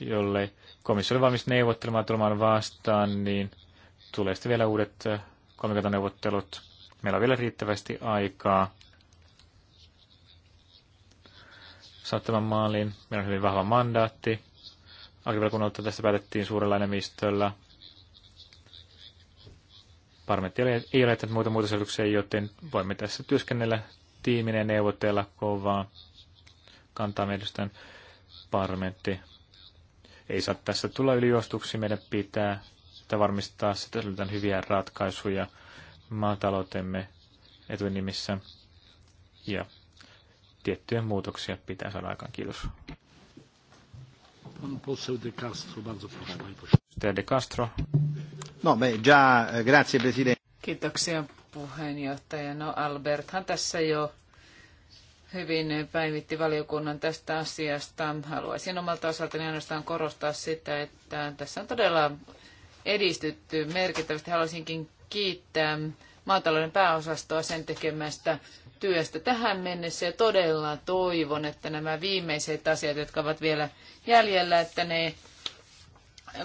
jollei komissio oli valmis neuvottelemaan tulemaan vastaan, niin tulee sitten vielä uudet kolmikantaneuvottelut. Meillä on vielä riittävästi aikaa saattamaan maaliin. Meillä on hyvin vahva mandaatti. Alkivalkunnalta tästä päätettiin suurella enemmistöllä. Parmentti ei ole jättänyt muuta muutosehdotuksia, joten voimme tässä työskennellä tiiminen neuvotella kovaa kantaa meidän parmentti. ei saa tässä tulla ylijuostuksi. Meidän pitää että varmistaa, että löydetään hyviä ratkaisuja maataloutemme etunimissä ja tiettyjä muutoksia pitää saada aikaan. Kiitos. De Castro, No, me, già, grazie, Presidente. Kiitoksia puheenjohtaja. No Alberthan tässä jo hyvin päivitti valiokunnan tästä asiasta. Haluaisin omalta osaltani ainoastaan korostaa sitä, että tässä on todella edistytty merkittävästi. Haluaisinkin kiittää maatalouden pääosastoa sen tekemästä työstä tähän mennessä ja todella toivon, että nämä viimeiset asiat, jotka ovat vielä jäljellä, että ne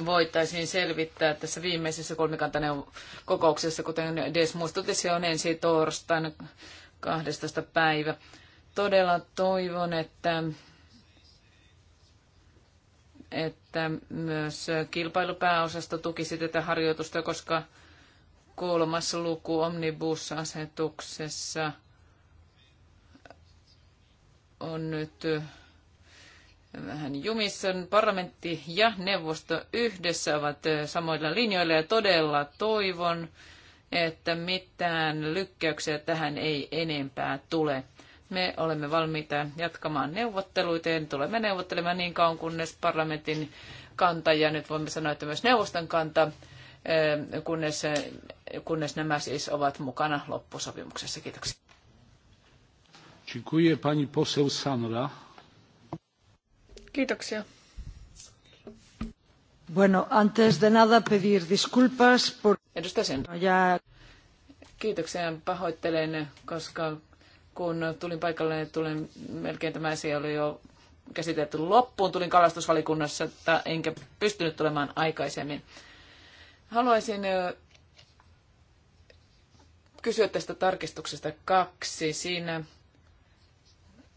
voitaisiin selvittää tässä viimeisessä kolmikantainen kokouksessa, kuten Des muistutti, se on ensi torstaina 12. päivä todella toivon, että, että myös kilpailupääosasto tukisi tätä harjoitusta, koska kolmas luku Omnibus-asetuksessa on nyt vähän jumissa. Parlamentti ja neuvosto yhdessä ovat samoilla linjoilla ja todella toivon, että mitään lykkäyksiä tähän ei enempää tule. Me olemme valmiita jatkamaan neuvotteluita ja tulemme neuvottelemaan niin kauan, kunnes parlamentin kanta ja nyt voimme sanoa, että myös neuvoston kanta, eh, kunnes, eh, kunnes nämä siis ovat mukana loppusopimuksessa. Kiitoksia. Dziękuję pani poseł Sanra. Kiitoksia. Bueno, antes de nada pedir disculpas por... Edustaja Sen. Kiitoksia. Pahoittelen, koska kun tulin paikalle, niin tulin, melkein tämä asia oli jo käsitelty loppuun. Tulin kalastusvalikunnassa, että enkä pystynyt tulemaan aikaisemmin. Haluaisin kysyä tästä tarkistuksesta kaksi. Siinä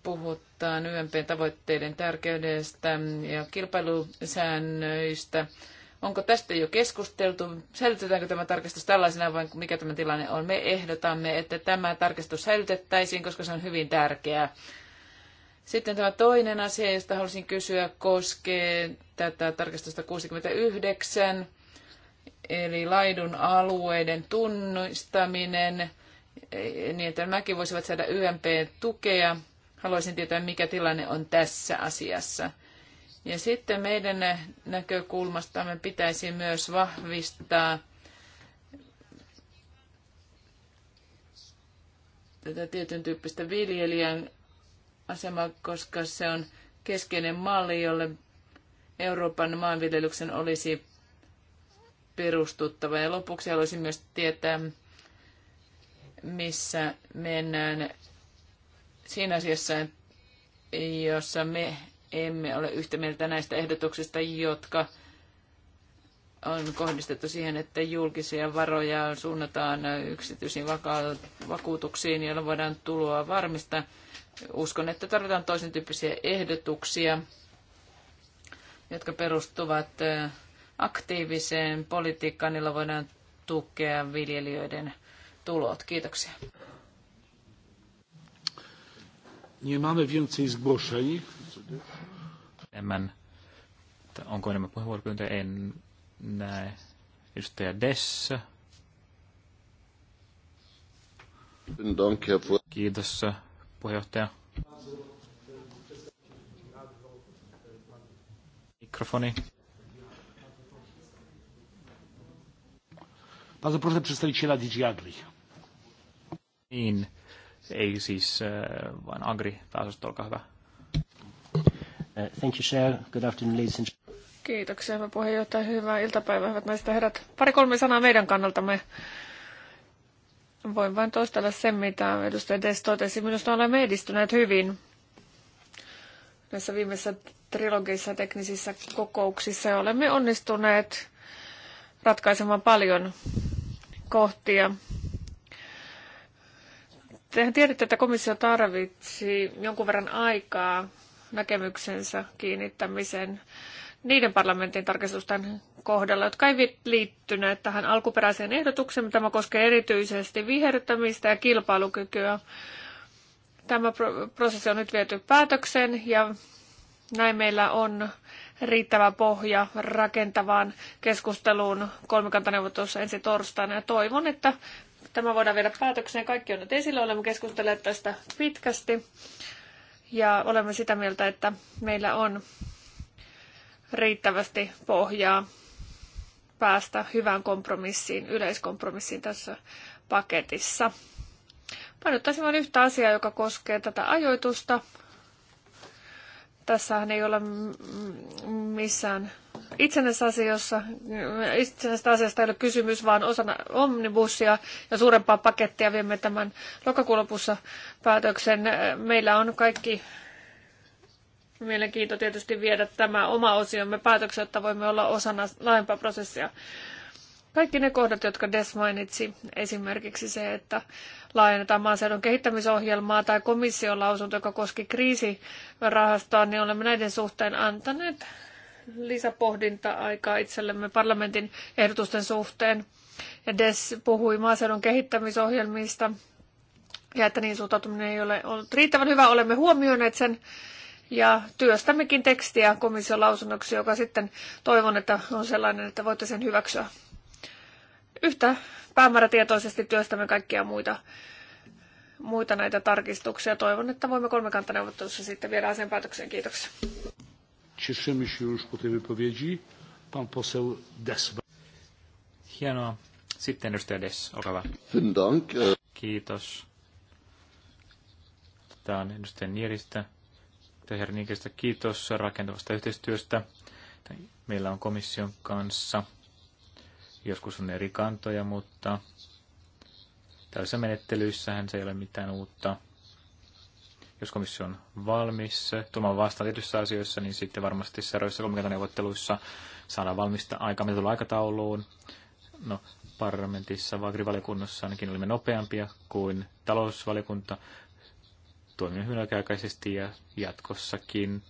puhutaan YMPn tavoitteiden tärkeydestä ja kilpailusäännöistä – Onko tästä jo keskusteltu? Säilytetäänkö tämä tarkistus tällaisena vai mikä tämä tilanne on? Me ehdotamme, että tämä tarkistus säilytettäisiin, koska se on hyvin tärkeää. Sitten tämä toinen asia, josta halusin kysyä, koskee tätä tarkistusta 69, eli laidun alueiden tunnistaminen, niin että nämäkin voisivat saada YMP-tukea. Haluaisin tietää, mikä tilanne on tässä asiassa. Ja sitten meidän näkökulmastamme pitäisi myös vahvistaa tätä tietyn tyyppistä viljelijän asemaa, koska se on keskeinen malli, jolle Euroopan maanviljelyksen olisi perustuttava. Ja lopuksi haluaisin myös tietää, missä mennään siinä asiassa, jossa me emme ole yhtä mieltä näistä ehdotuksista, jotka on kohdistettu siihen, että julkisia varoja suunnataan yksityisiin vakuutuksiin, joilla voidaan tuloa varmistaa. Uskon, että tarvitaan toisen tyyppisiä ehdotuksia, jotka perustuvat aktiiviseen politiikkaan, jolla voidaan tukea viljelijöiden tulot. Kiitoksia. Nie mamy więcej zgłoszeń enemmän, onko enemmän puheenvuoropyyntöjä, en näe. Edustaja Dessa. Kiitos puheenjohtaja. Mikrofoni. Bardzo proszę przedstawiciela DG Agri. Niin, ei siis, e, vain Agri, pääosasta, olkaa hyvä. Uh, thank you, Chair. Good afternoon, ladies and Kiitoksia, hyvä puheenjohtaja. Hyvää iltapäivää, hyvät naiset ja herrat. Pari-kolme sanaa meidän kannaltamme. Voin vain toistella sen, mitä edustaja Des totesi. Minusta olemme edistyneet hyvin näissä viimeisissä trilogissa teknisissä kokouksissa ja olemme onnistuneet ratkaisemaan paljon kohtia. Tehän tiedätte, että komissio tarvitsi jonkun verran aikaa näkemyksensä kiinnittämisen niiden parlamentin tarkistusten kohdalla, jotka eivät liittyneet tähän alkuperäiseen ehdotukseen. Tämä koskee erityisesti viherryttämistä ja kilpailukykyä. Tämä prosessi on nyt viety päätökseen ja näin meillä on riittävä pohja rakentavaan keskusteluun kolmikantaneuvottelussa ensi torstaina. Ja toivon, että tämä voidaan viedä päätökseen. Kaikki on nyt esillä. Olemme keskustelleet tästä pitkästi ja olemme sitä mieltä, että meillä on riittävästi pohjaa päästä hyvään kompromissiin, yleiskompromissiin tässä paketissa. Painottaisin vain yhtä asiaa, joka koskee tätä ajoitusta. Tässähän ei ole missään itsenäisessä asiassa, itsenäisestä asiasta ei ole kysymys, vaan osana omnibusia ja suurempaa pakettia viemme tämän lokakuun lopussa päätöksen. Meillä on kaikki mielenkiinto tietysti viedä tämä oma osiomme päätöksen, jotta voimme olla osana laajempaa prosessia. Kaikki ne kohdat, jotka Des mainitsi, esimerkiksi se, että laajennetaan maaseudun kehittämisohjelmaa tai komission lausunto, joka koski kriisirahastoa, niin olemme näiden suhteen antaneet lisäpohdinta-aikaa itsellemme parlamentin ehdotusten suhteen. Ja Des puhui maaseudun kehittämisohjelmista ja että niin suhtautuminen ei ole ollut riittävän hyvä. Olemme huomioineet sen ja työstämmekin tekstiä komission lausunnoksi, joka sitten toivon, että on sellainen, että voitte sen hyväksyä yhtä päämäärätietoisesti työstämme kaikkia muita, muita näitä tarkistuksia. Toivon, että voimme kolmikantaneuvottelussa sitten viedä sen päätökseen. Kiitoksia. Cieszymy się już po tej wypowiedzi. Pan poseł Hienoa. Sitten edustaja Des, olkaa hyvä. Kiitos. Tämä on edustaja Nieristä. Herra kiitos rakentavasta yhteistyöstä. Meillä on komission kanssa Joskus on eri kantoja, mutta tässä menettelyissähän se ei ole mitään uutta. Jos komissio on valmis tuomaan vastaan tietyissä asioissa, niin sitten varmasti säädöissä kolmikantaneuvotteluissa saadaan valmista aika, menetulla aikatauluun. No, parlamentissa, vaagrivaliokunnassa ainakin olimme nopeampia kuin talousvaliokunta. Toimimme hyödykäikäisesti ja jatkossakin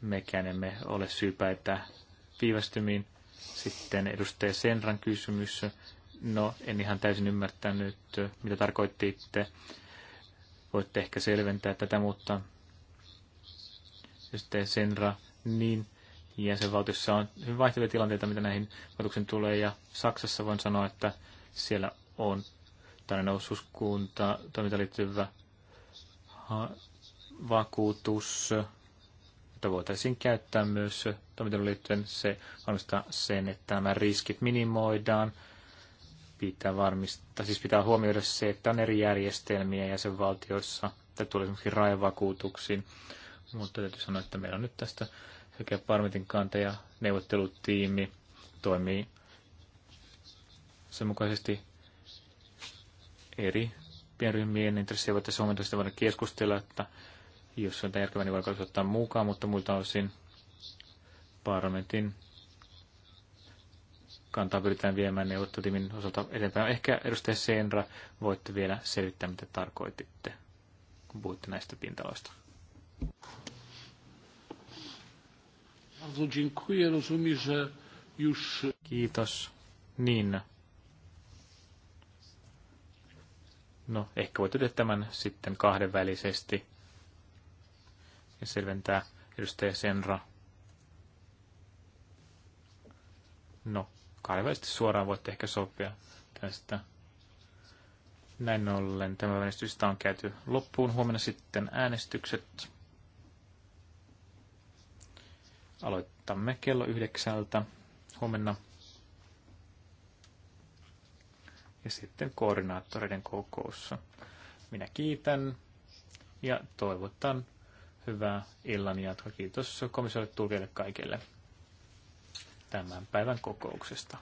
mekään emme ole syypäitä viivästymiin. Sitten edustaja Senran kysymys. No, en ihan täysin ymmärtänyt, mitä tarkoittiitte. Voitte ehkä selventää tätä, mutta edustaja Senra, niin jäsenvaltiossa on hyvin vaihtelevia tilanteita, mitä näihin vaikutuksiin tulee, ja Saksassa voin sanoa, että siellä on tällainen osuuskunta, toiminta liittyvä vakuutus, jota voitaisiin käyttää myös toimintaan liittyen. Se varmistaa sen, että nämä riskit minimoidaan. Pitää varmistaa, siis pitää huomioida se, että on eri järjestelmiä jäsenvaltioissa. tai tulee esimerkiksi rajavakuutuksiin. Mutta täytyy sanoa, että meillä on nyt tästä sekä Parmitin kanta ja neuvottelutiimi toimii sen mukaisesti eri pienryhmien intressejä voitaisiin huomioida, sitä voidaan keskustella, että jos on järkevää, niin voidaan ottaa mukaan, mutta muilta osin parlamentin kantaa pyritään viemään neuvottelutimin osalta eteenpäin. Ehkä edustaja Senra, voitte vielä selittää, mitä tarkoititte, kun puhuitte näistä pintaloista. Kiitos. Niin. No, ehkä voit tehdä tämän sitten kahdenvälisesti ja selventää edustaja Senra No, kahdenvälisesti suoraan voitte ehkä sopia tästä. Näin ollen tämä äänestystä on käyty loppuun. Huomenna sitten äänestykset. Aloitamme kello yhdeksältä huomenna. Ja sitten koordinaattoreiden kokoussa. Minä kiitän ja toivotan hyvää illan jatkoa. Kiitos komissiolle tulkille kaikille tämän päivän kokouksesta.